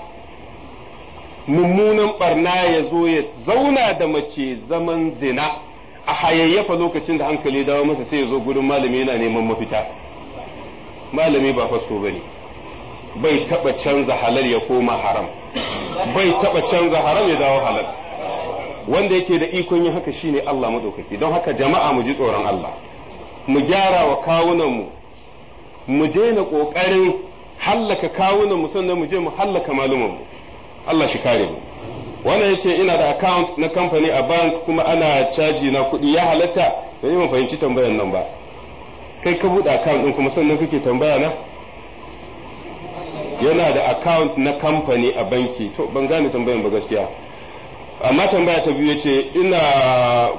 mummunan ɓarna ya zo ya zauna da mace zaman zina a hayayyafa lokacin da hankali dawo masa sai ya zo gudun malami yana neman mafita malami ba fasto ba ne bai taba canza halal ya koma haram bai taba canza haram ya dawo halal wanda yake da ikon yin haka shine Allah madaukaki don haka jama'a mu ji tsoron Allah mu gyara wa kawunan mu mu daina kokarin hallaka kawunan mu sannan mu je mu hallaka maluman mu Allah shi kare mu wannan yace ina da account na kamfani a bank kuma ana caji na kuɗi ya halatta ban fahimci tambayan nan ba kai ka buɗe account din kuma sannan kake tambaya na yana da account na kamfani a banki to ban gane tambayan ba gaskiya amma tambaya ta biyu ce ina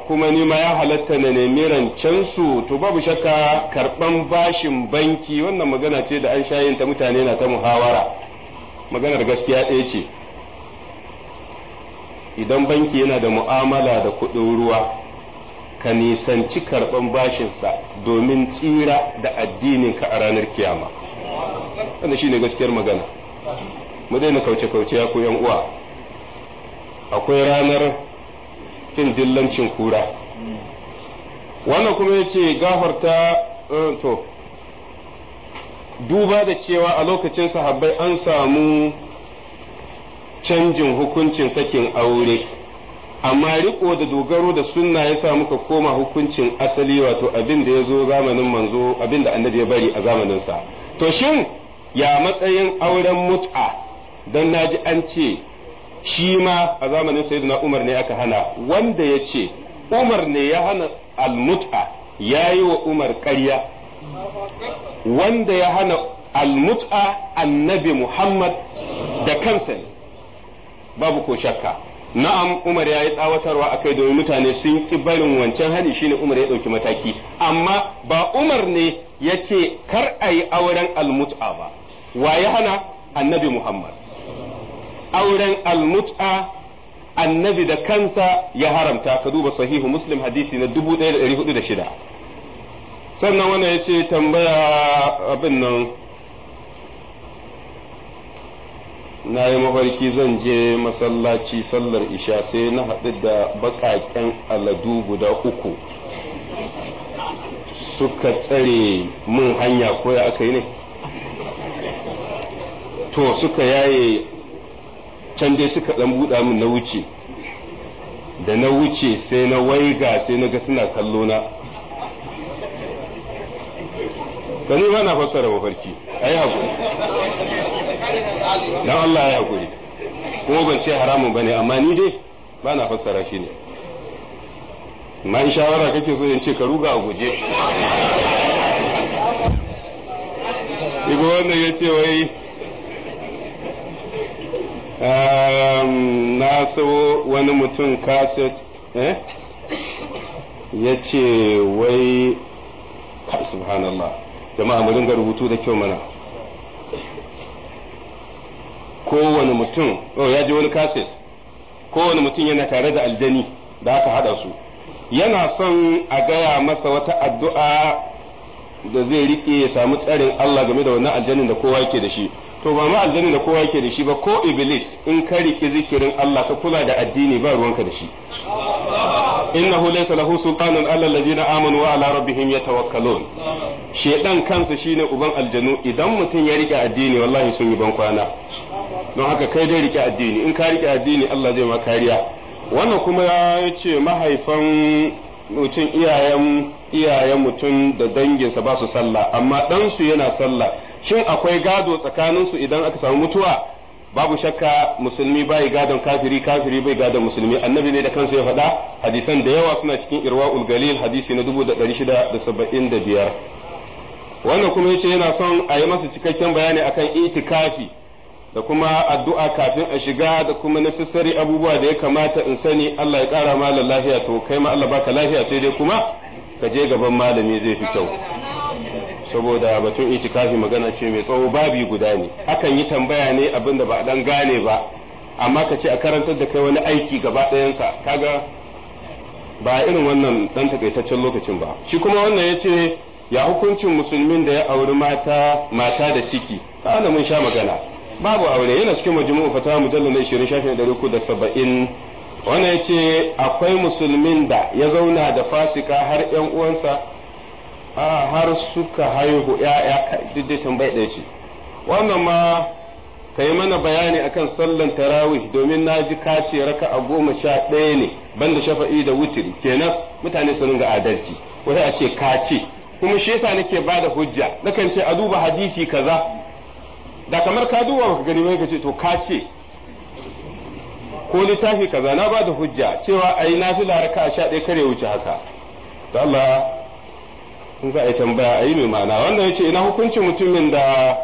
kuma nima ya halatta na nemi rancen su to babu shakka karban bashin banki wannan magana ce da an shayin ta mutane na ta muhawara maganar gaskiya ɗaya ce idan banki yana da mu'amala da kuɗin ruwa ka nisanci karban bashinsa domin tsira da addinin ka a ranar kiyama wanda ne gaskiyar magana mu daina kauce kauce ya ku yan uwa akwai ranar fin dillancin kura wannan kuma yace gafarta eh, to duba da cewa a lokacin sahabbai an samu canjin hukuncin sakin aure amma riko da dogaro da sunna ya sa muka koma hukuncin asali wato abin da ya zo zamanin manzo abin da annabi ya bari a zamaninsa to shin ya matsayin auren mut'a don naji an ce shi ma a zamanin sayyidina Umar ne aka hana wanda ya ce Umar ne ya hana al-mut'a ya yi wa Umar ƙarya wanda ya hana al-mut'a annabi Muhammad da kansa ne babu ko shakka na'am Umar ya yi tsawatarwa a kai domin mutane sun ki barin wancan hani ne Umar ya ɗauki mataki amma ba Umar ne yace kar a yi auren almut'a ba wa ya hana annabi Muhammad auren almut'a annabi da kansa ya haramta ka duba sahihu muslim hadisi na 1406 sannan wannan yace tambaya abin nan na yi mafarki zan je masallaci sallar isha sai na haɗu da baƙaƙen aladu guda uku suka tsare mun hanya ko ya aka yi ne to suka yaye can dai suka dan buɗa min na wuce da na wuce sai na waiga sai na ga suna kallo na ni ba na fassara mafarki a yi haƙuri don Allah ya haƙuri kuma ban ce haramun ba ne amma ni dai ba na fassara shi ne na in shawara kake so in ce ka ruga a guje iga ya ce wai na so wani mutum kaset eh, ya ce wai subhanallah jama'a mu dinga rubutu da kyau mana kowane mutum oh ya ji wani kaset kowane mutum yana tare da aljani da aka hada su yana son a gaya masa wata addu'a da zai rike ya samu tsarin Allah game da wannan aljanin da kowa yake da shi to ba ma aljanin da kowa yake da shi ba ko iblis in ka rike zikirin Allah ka kula da addini ba ruwanka da shi innahu laysa lahu sultanun ala allazina amanu wa ala rabbihim yatawakkalun shedan kansa shine uban aljanu idan mutum ya rike addini wallahi sun yi ban kwana don haka kai dai rike addini in ka rike addini Allah zai ma kariya wannan kuma ya ce mahaifan mutum iyayen iyayen mutum da danginsa ba su sallah amma ɗansu yana sallah shin akwai gado tsakaninsu idan aka samu mutuwa babu shakka musulmi bai gadon kafiri kafiri bai gadon musulmi annabi ne da kansa ya faɗa hadisan da yawa suna cikin irwaul galil hadisi na biyar wannan kuma yace yana son a yi masa cikakken bayani akan itikafi da kuma addu'a kafin a shiga da kuma necessary abubuwa da ya kamata in sani Allah ya ƙara malam lafiya to kai ma Allah baka lafiya sai dai kuma ka je gaban malami zai fi kyau saboda batun itikafi magana ce mai tsawo babu guda ne akan yi tambaya ne abin da ba a dan gane ba amma ka ce a karantar da kai wani aiki gaba ɗayansa kaga ba irin wannan dan takaitaccen lokacin ba shi kuma wannan ya ce ya hukuncin musulmin da ya auri mata mata da ciki ta mun sha magana babu aure yana cikin majmu'u fata mujallal na 20 shafi 370 wannan yace akwai musulmin da ya zauna da fasika har ƴan uwansa har suka haihu ƴaƴa duk tambaya da yace wannan ma kai mana bayani akan sallan tarawih domin na ji ka ce raka a goma sha ɗaya ne banda shafa'i da wutiri kenan mutane su ringa adalci wata a ce ka ce kuma shi yasa nake bada hujja nakan ce a duba hadisi kaza da kamar ka duba ka gani mai kace to ka ce ko littafi kaza na ba da hujja cewa ai fi laraka sha ɗaya kare wuce haka da Allah in za a yi tambaya a yi mai ma'ana wanda ya ce ina hukuncin mutumin da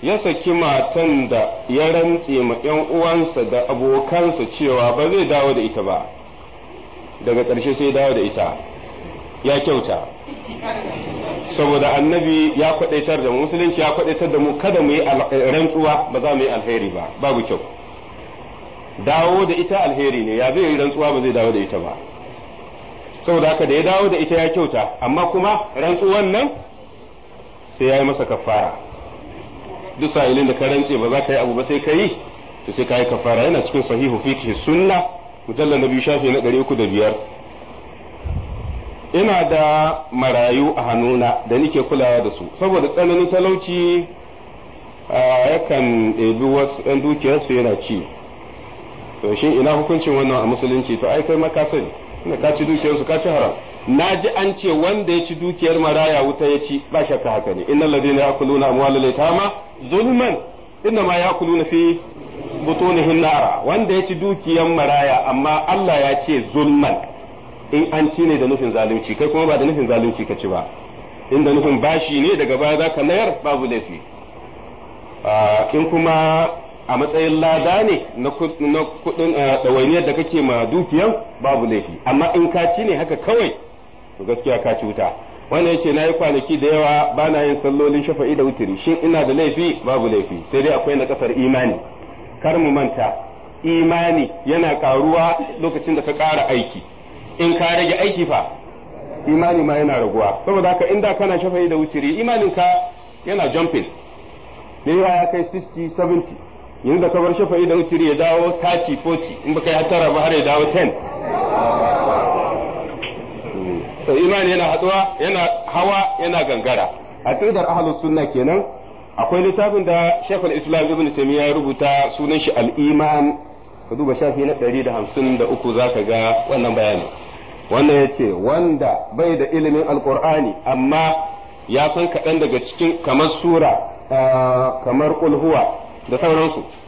ya saki matan da ya rantse ma ‘yan uwansa da abokansa cewa ba zai dawo da ita ba daga ƙarshe sai dawo da ita ya kyauta saboda annabi ya kwadaitar da mu musulunci ya kwadaitar da mu kada mu yi rantsuwa ba za mu yi alheri ba babu kyau dawo da ita alheri ne ya zai yi rantsuwa ba zai dawo da ita ba saboda haka da ya dawo da ita ya kyauta amma kuma rantsuwan nan sai ya yi masa kafara duk sa'ilin da ka rantse ba za ka yi abu ba sai ka yi to sai ka yi kafara yana cikin sahihu fiqh sunna mujallal na biyu shafi na 305 ina da marayu a hannuna da nike kulawa da su saboda tsananin talauci yakan ɗebi wasu ɗan dukiyarsu yana ci to shi ina hukuncin wannan a musulunci to ai kai maka sani ina ka ci dukiyarsu ka ci haram na ji an ce wanda ya ci dukiyar maraya wuta ya ci ba shakka haka ne innal ladina yakuluna amwalal yatama zulman ma yakuluna fi butunihin nara wanda ya ci dukiyar maraya amma Allah ya ce zulman in an ci ne da nufin zalunci kai kuma ba da nufin zalunci ka ci ba inda nufin bashi ne daga baya za ka mayar babu laifi ah, in kuma a matsayin lada ne na kudin ah, ɗawainiyar da kake ma dukiyan babu laifi amma in ka ci ne haka kawai to gaskiya ka ci wuta wannan yace na yi kwanaki da yawa ba na yin sallolin shafa'i da wuturi shin ina da laifi babu laifi sai dai akwai na kasar imani kar mu manta imani yana karuwa lokacin da ka ƙara aiki in ka rage aiki fa imani ma yana raguwa saboda haka in da kana shafa'i da wuciri imanin ka yana jumping Nera ya kai 60 70 yanzu da kabar shafa'i da wuciri ya dawo 30 40 in baka ya tara ba har ya dawo 10 to imani yana haduwa yana hawa yana gangara A tsidar ahlus sunna kenan akwai littafin da Sheikhul Islam Ibn Taymiyyah ya rubuta sunan shi al-iman ka duba shafi na 153 zaka ga wannan bayanin. wannan ya ce wanda bai da ilimin alkur'ani amma ya san kaɗan daga cikin kamar sura eh, kamar kulhuwa da sauransu